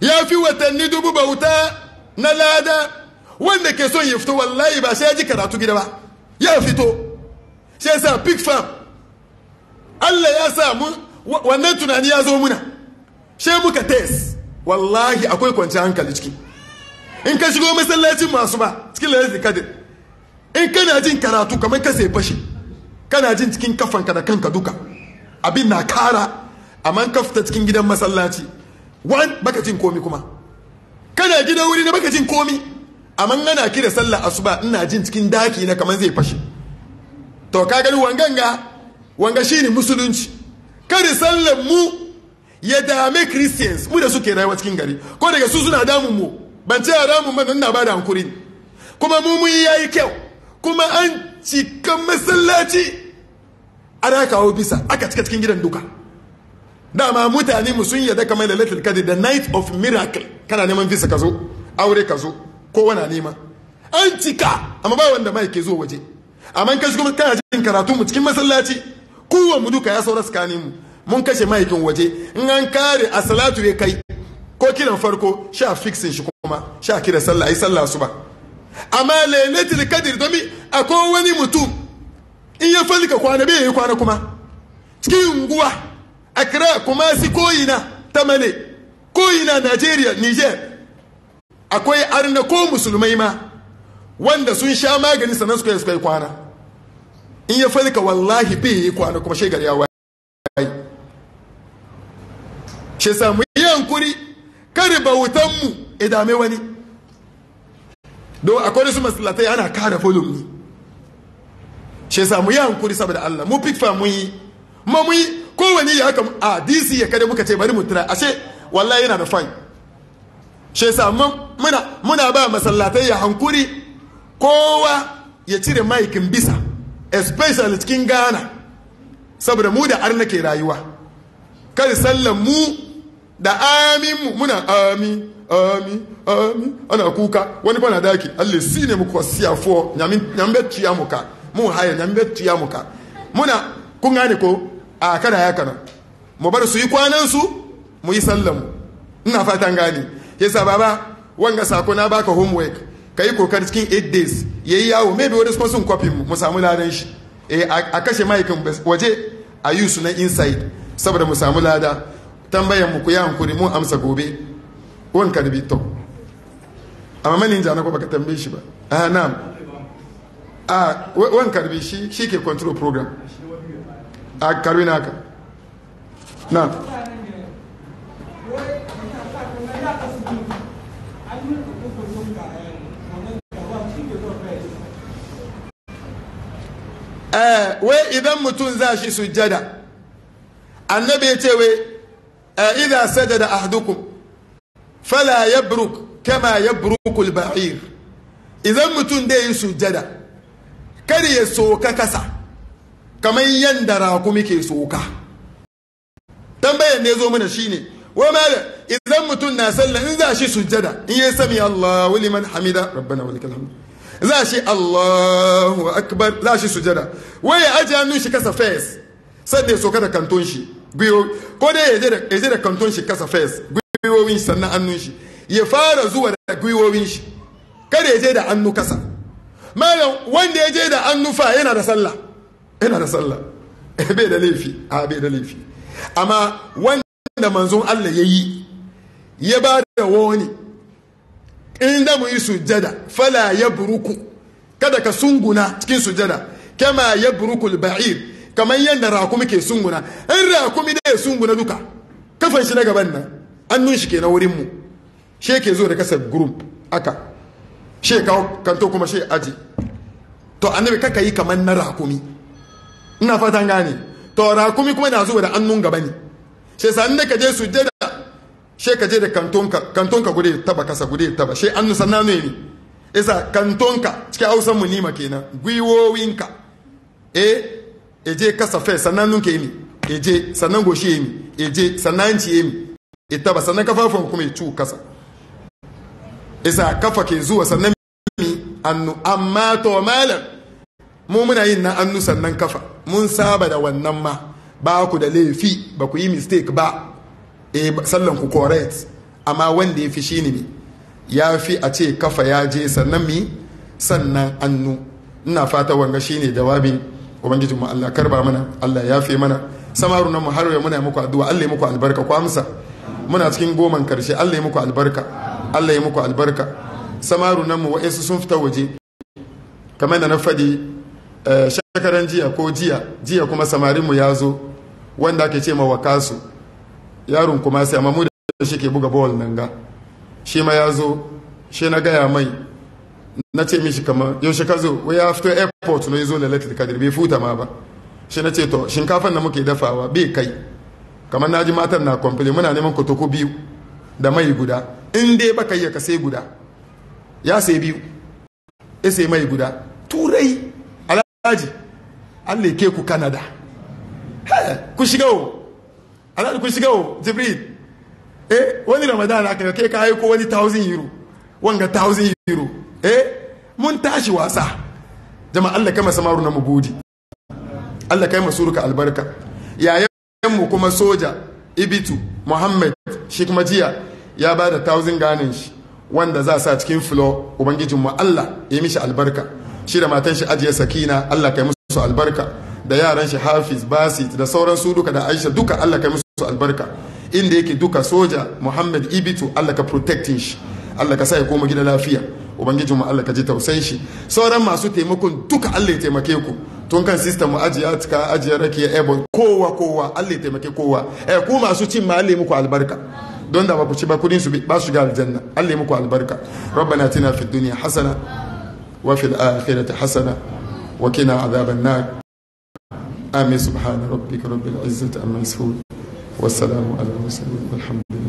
ya fi watanni dubu bauta na lada wanda ke son ya fito wallahi ba sai ya ji karatu gida ba ya fito shi yasa pig farm Allah ya sa mu wannan tunani ya zo muna she muka tes wallahi akwai kwanciyar hankali ciki in ka shigo masallacin masu ba cikin lalata kadir in kana jin karatu kamar ka sai fashi kana jin cikin kafanka da kanka duka abin na kara a man kafta cikin gidan masallaci wan baka jin komi kuma kana gidan wuri na baka jin komi amma ana kira sallah asuba ina jin cikin daki na kamar zai fashe to ka gani wanganga wanga shine musulunci kada sallar mu ya dame christians mu da suke rayuwa cikin gari ko daga su suna damun mu ban ce damun ba ina ba da hankuri kuma mu mun yayi kyau kuma an cika masallaci ana kawo bisa aka cika cikin gidan duka dama mutane mu sun yadda kamar lalatul kadi the night of miracle kana neman bisa ka zo aure ka zo ko wani nema an cika amma ba wanda mai ke zo waje amma kashi kuma kana jin karatu mu cikin masallaci kowa mu duka ya saura tsakanin mu mun kashe maikin waje in an kare a salatu ya kai ko kiran farko sha fixin shi kuma sha kira sallah ai sallah su ba amma lailatul kadir domin akwai wani mutum in ya ka kwana bai yi kwana kuma cikin a kira kuma si koyina tamale koyina Najeriya Niger akwai arna ko musulmai ma wanda sun sha magani sannan suka suka yi kwana in ya ka wallahi bai yi kwana kuma shegar ya wayi shi samu yankuri kar bautanmu mu idame wani don akwai su masallatai ana kara follow shi yasa mu yi hankuri saboda Allah mu fikfa mu yi ma mu yi kowani ya haka a ah, DC ya kada muka ce bari mu tira ashe wallahi yana da fine shi yasa muna ba masallatai ya hankuri kowa ya cire maikin bisa especially cikin Ghana saboda mu da arna ke rayuwa kar sallan mu da amin muna amin ami ami ana kuka wani bana daki alle sine mu ko sia fo nyami nyambe tiya muka mu haya nyambe tiya muka muna kun gane ko a ah, kada ya kana mu bar su yi kwanan su mu yi sallamu ina fatan gani yasa baba wanga sako na baka homework kai kokari cikin 8 days yayi yawo maybe wani sponsor sun copy mu samu ladan shi eh a kashe maikin waje a yi su na inside saboda mu samu lada tambayan mu ku yi hankuri mun amsa gobe wani ka da tɔ tom amma maninja na kuma tambaye shi ba a ah, na'am ah, a wani bi si si ke control program a ah, karbi na haka na'am eh, wai idan mutum za shi sujjada annabi ya ce wai eh, idan sajada ahdukum fala yabruk kama yabrukul ba'ir idan mutum da yin kar ya soka kasa kamar yanda rakumi ke soka tambayar ne zo mana shine wa mala idan mutum na sallah in za shi sujjada in yi sami Allahu liman hamida za shi Allahu akbar za shi sujjada wai ya aje hannun shi kasa face sai da soka da kanton ko dai ya je da kanton kasa gwiwowin sannan hannun shi ya fara zuwa da gwiwowin shi kada ya je da hannu kasa malam wanda ya je da hannu fa yana da sallah yana da sallah eh, bai da laifi a ah, bai da laifi amma wanda manzon Allah ya yi ya ba da wani inda mu yi sujada fala ya buruku kada ka sunguna cikin sujada kama ya buruku ba'ir kamar yadda rakumi ke sunguna in rakumi da ya sunguna duka kafan shi na gaban nan an nun shi ke na wurinmu shi ke zo da kasar group aka shi kawo kanto kuma shi aji to annabi kaka yi kamar na rakumi ina fatan gane to rakumi kuma na zuwa da an nun gaba ne sai san da ka je da she ka je da kantonka kantonka gude taba kasa gude taba she annu sannan ne isa kantonka cikin hausan mu nima kenan gwiwowinka eh eje kasa fe sannan nunke ne eje sannan goshi ne eje sannan ci ne ita ba sannan kafafun kuma ya cu kasa isa kafa ke zuwa sannan mi annu amma to malam mu muna yin na annu sannan kafa mun saba da wannan ma ba ku da laifi ba ku yi mistake ba e sallan ku correct amma wanda ya fi shi ne ya fi a ce kafa ya je sannan mi sannan annu ina fata wanga shi ne jawabin ubangijinmu Allah karba mana Allah ya fi mana samarunanmu har mu har muna muku addu'a Allah ya muku albarka ku amsa muna cikin goman karshe Allah ya muku albarka Allah ya muku albarka samaru nan mu sun fita waje kamar da na fadi eh, shakaran jiya ko jiya jiya kuma samarin mu ya zo wanda ake ce ma wakasu yaron kuma sai amma mu da shi ke buga ball nan ga shi ma ya zo shi na gaya mai na ce mishi kamar yaushe ka zo wai ya fito airport na ya zo lalatul kadir bai futa ma ba shi na ce to shinkafan da muke dafawa bai kai kamar na ji matan na kwamfili muna neman kotoko biyu da mai guda in dai baka yi ka sai guda ya sai biyu ya sai mai guda turai alhaji an leke ku kanada ku shiga o alhaji ku shiga o jibril eh wani ramadan aka kai ka aiko wani 1000 euro wanga 1000 euro eh mun tashi wasa jama'a Allah kai masa maru na mugudi Allah kai ruka albarka yaya mu kuma soja ibitu muhammad shikmajiya ya ba da tausin ganin shi wanda za sa cikin filo ubangijinmu allah ya mishi albarka shi da matan shi ajiye sakina allah kai musu albarka da yaran shi hafiz basit da sauran su duka da aisha duka allah kai musu albarka inda yake duka soja muhammad ibitu allah ka protectin shi allah ka sa ya koma gida lafiya ubangijin mu Allah ka ji tausayin shi sauran masu taimakon duka Allah ya taimake ku tun kan system mu ajiya tuka ajiya ya ebo kowa kowa Allah ya taimake kowa eh ku masu cin ma Allah muku albarka don da ba ku ci ba kudin su ba su ga aljanna Allah ya muku albarka rabbana tina fid dunya hasana wa fil akhirati hasana wa kina azaban nar amin subhana rabbika rabbil izzati amma yasifun wassalamu ala المرسلين والحمد